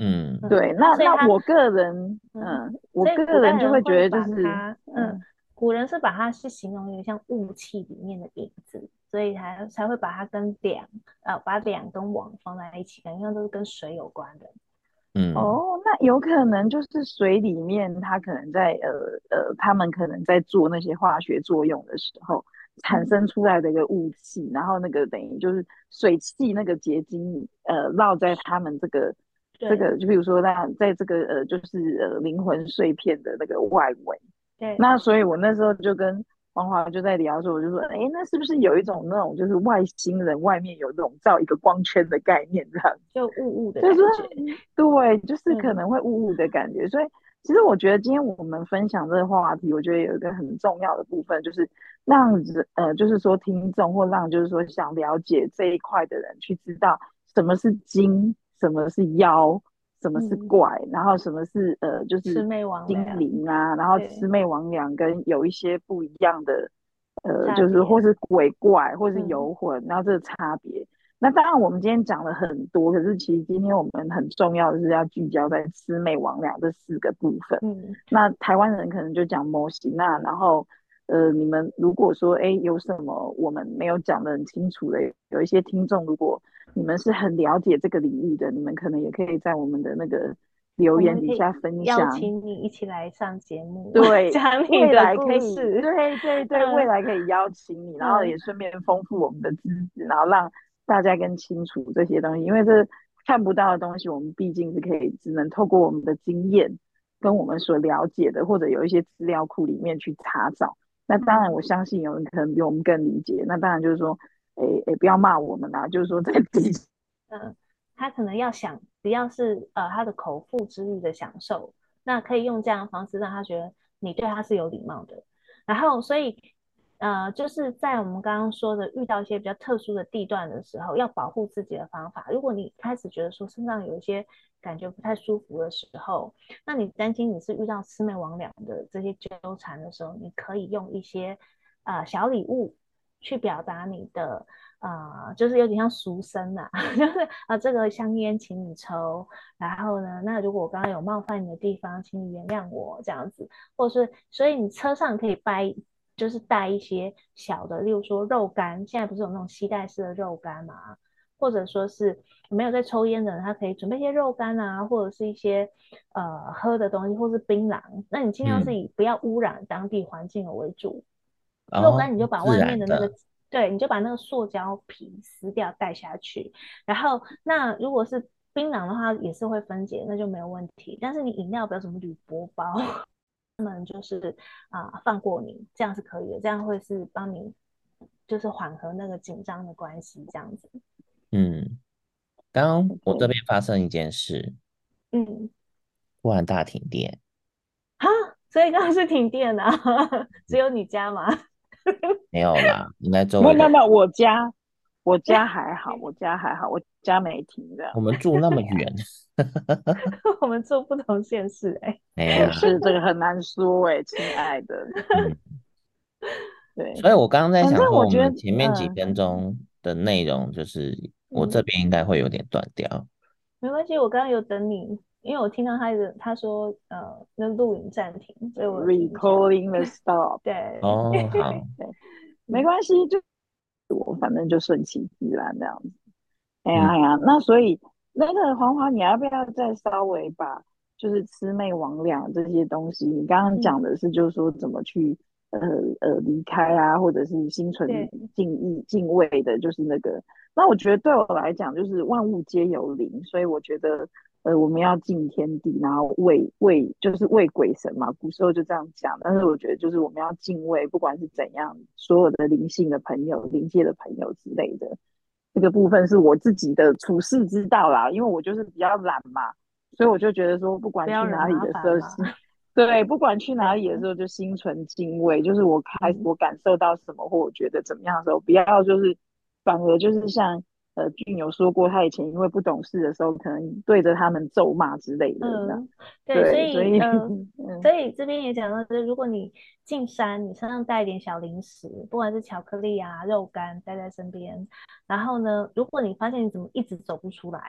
嗯，對。那那，那我個人嗯，我個人就會覺得就是嗯，古人是把它是形容有點像霧氣裡面的影子，嗯、所以才才會把它跟魎呃把魎跟魍放在一起，感覺都是跟水有關的。嗯，哦、oh，那有可能就是水裡面，它可能在呃呃，他們可能在做那些化學作用的時候，產生出來的一個霧氣，嗯，然後那個等於就是水汽那個結晶，呃，繞在他們這個這個，就比如說在在這個呃，就是呃、靈魂碎片的那個外圍。對，那所以我那時候就跟。煌華就在聊說，我就說，哎、欸，那是不是有一種那種就是外星人外面有籠罩一個光圈的概念，這樣就霧霧的感覺、就是，對，就是可能會霧霧的感覺。嗯、所以其實我覺得今天我們分享這個話題，我覺得有一個很重要的部分，就是讓呃，就是說聽眾或讓就是說想了解這一塊的人去知道什麼是精，什麼是妖。什麼是怪，嗯？然後什麼是呃，就是精靈啊？然後魑魅魍魎跟有一些不一樣的，呃，就是或是鬼怪，或是幽魂，嗯，然後這個差別。那當然，我們今天講了很多，可是其實今天我們很重要的是要聚焦在魑魅魍魎這四個部分，嗯。那台灣人可能就講魔神仔，然後呃，你們如果說哎有什麼我們沒有講得很清楚的，有一些聽眾如果。你們是很了解這個領域的，你們可能也可以在我們的那個留言底下分享，邀請你一起來上節目，對，的未來可以，嗯、對對對，對，未來可以邀請你、嗯，然後也順便豐富我們的知識，然後讓大家更清楚這些東西，因為這看不到的東西，我們畢竟是可以只能透過我們的經驗跟我們所了解的，或者有一些資料庫裡面去查找。嗯、那當然，我相信有人可能比我們更理解。那當然就是說。誒、欸、誒、欸，不要罵我們吶、啊！就是說，在地，嗯，他可能要想，只要是呃他的口腹之欲的享受，那可以用這樣的方式讓他覺得你對他是有禮貌的。然後，所以呃，就是在我們剛剛說的遇到一些比較特殊的地段的時候，要保護自己的方法。如果你開始覺得說身上有一些感覺不太舒服的時候，那你擔心你是遇到魑魅魍魎的這些糾纏的時候，你可以用一些啊、呃、小禮物。去表達你的啊、呃，就是有點像贖身吶、啊，就是啊，這個香菸請你抽，然後呢，那如果我剛剛有冒犯你的地方，請你原諒我這樣子，或者是，所以你車上可以掰，就是帶一些小的，例如說肉乾，現在不是有那種攜帶式的肉乾嘛，或者說是沒有在抽菸的人，他可以準備一些肉乾啊，或者是一些呃喝的東西，或是檳榔，那你儘量是以不要污染當地環境為主。嗯要不然你就把外面的那個的對，你就把那個塑膠皮撕掉帶下去。然後那如果是檳榔的話，也是會分解，那就沒有問題。但是你飲料不要什麼鋁箔包，他們就是啊、呃、放過你，這樣是可以的，這樣會是幫你就是緩和那個緊張的關係，這樣子。嗯，剛我這邊發生一件事，嗯，萬、嗯、突然大停電，啊，所以剛剛是停電啊， 只有你家嗎？ 沒有啦，應該周圍 沒有沒有。我家我家還好，我家還好，我家沒停的。 我們住那麼遠，我們住不同縣市哎， 是這個很難說哎、欸，親愛的。 對，所以我剛剛在想說，我們前面幾分鐘的內容，就是我這邊應該會有點斷掉 嗯。沒關係，我剛剛有等你。因為我聽到他的他說，呃，那錄影暫停，所以我 recalling the stop。 對，哦、oh, huh.，對，沒關係，就我反正就順其自然這樣子。哎、嗯、呀哎呀，那所以那個煌華，你要不要再稍微把就是魑魅魍魉這些東西，你剛剛講的是就是說怎麼去、嗯、呃呃離開啊，或者是心存敬意敬畏的，就是那個。那我覺得對我來講就是萬物皆有靈，所以我覺得。呃，我們要敬天地，然後畏畏就是畏鬼神嘛。古時候就這樣講，但是我覺得就是我們要敬畏，不管是怎樣，所有的靈性的朋友、靈界的朋友之類的，這個部分是我自己的處世之道啦。因為我就是比較懶嘛，所以我就覺得說，不管去哪裡的時候是， 對，不管去哪裡的時候，就心存敬畏。就是我開始我感受到什麼、嗯，或我覺得怎麼樣的時候，不要就是反而就是像。呃，俊有說過，他以前因為不懂事的時候，可能對着他們咒罵之類的、嗯。對，所以所以、呃嗯、所以這邊也講到，就是如果你進山，你身上帶一點小零食，不管是巧克力啊、肉乾，帶在身邊。然後呢，如果你發現你怎麼一直走不出來，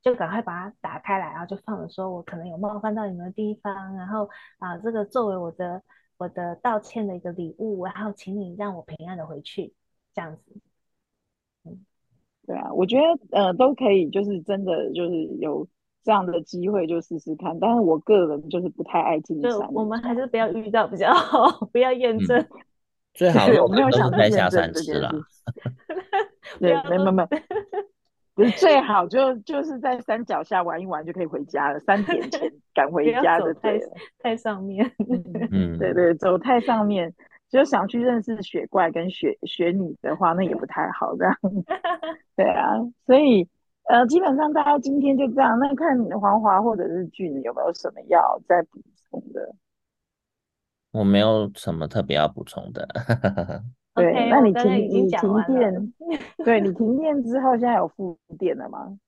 就趕快把它打開來，然後就放着，說我可能有冒犯到你們的地方，然後啊，這個作為我的我的道歉的一個禮物，然後請你讓我平安的回去，這樣子。對啊，我覺得呃都可以，就是真的就是有這樣的機會就試試看，但是我個人就是不太愛進山。我們還是不要遇到比較好，不要驗證。嗯，最好我沒有想再下山吃了 對，沒沒沒。 最好就就是在山腳下玩一玩就可以回家了，三點前趕回家的， 太太上面。嗯，對對，走太上面。就想去認識雪怪跟雪雪女的話，那也不太好這樣。對啊。所以，呃，基本上大家今天就這樣。那看你的煌華、或者是 Gin 有沒有什麼要再補充的？我沒有什麼特別要補充的。 對，okay, 那你停已經你停電， 對你停電之後現在有復電了嗎？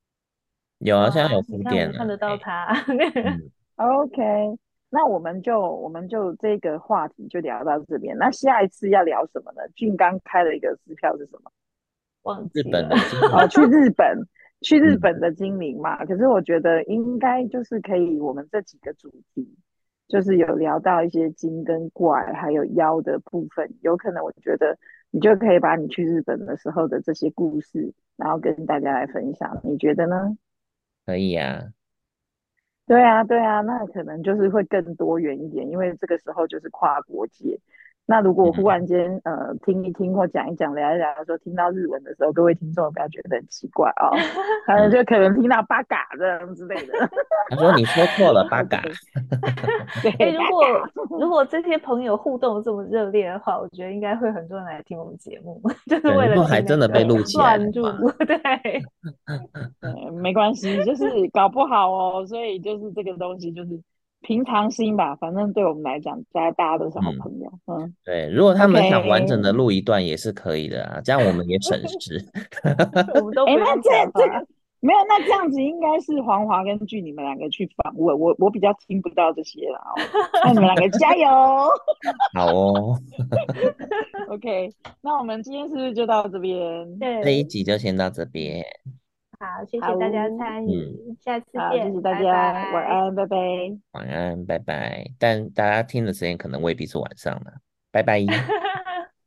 有啊，現在有復電了，你看，你看得到他。OK。 Okay. 那我們就我們就這個話題就聊到這邊。那下一次要聊什麼呢？俊剛開了一個支票是什麼？忘記了，日本啊， 去日本，去日本的精靈嘛、嗯。可是我覺得應該就是可以，我們這幾個主題就是有聊到一些精跟怪還有妖的部分，有可能我覺得你就可以把你去日本的時候的這些故事，然後跟大家來分享。你覺得呢？可以呀、啊。對啊，對啊，那可能就是會更多元一點，因為這個時候就是跨國界。那如果我忽然間呃聽一聽或講一講聊一聊，說聽到日文的時候，各位聽眾不要覺得很奇怪哦，可能就可能聽到八嘎這樣之類的。 他說你說錯了八嘎、okay. 對，如果如果這些朋友互動這麼熱烈的話，我覺得應該會很多人來聽我們節目， 就是為了聽。節目還真的被錄起來。亂 住對，對、 嗯。沒關係，就是搞不好哦， 所以就是這個東西就是。平常心吧，反正對我們來講，大家大家都是好朋友嗯。嗯，對，如果他們想完整的錄一段也是可以的、啊、okay, 這樣我們也省事。 我們都不用講了，欸、那這，這沒有，那這樣子應該是煌華跟 Gin 你們兩個去訪問，我我比較聽不到這些了。那你們兩個加油。好哦。OK，那我們今天是不是就到這邊？這一集就先到這邊。好，謝謝大家參與，嗯，下次見，好，謝謝大家，拜拜，晚安，拜拜，晚安，拜拜。但大家聽的時間可能未必是晚上了，拜拜。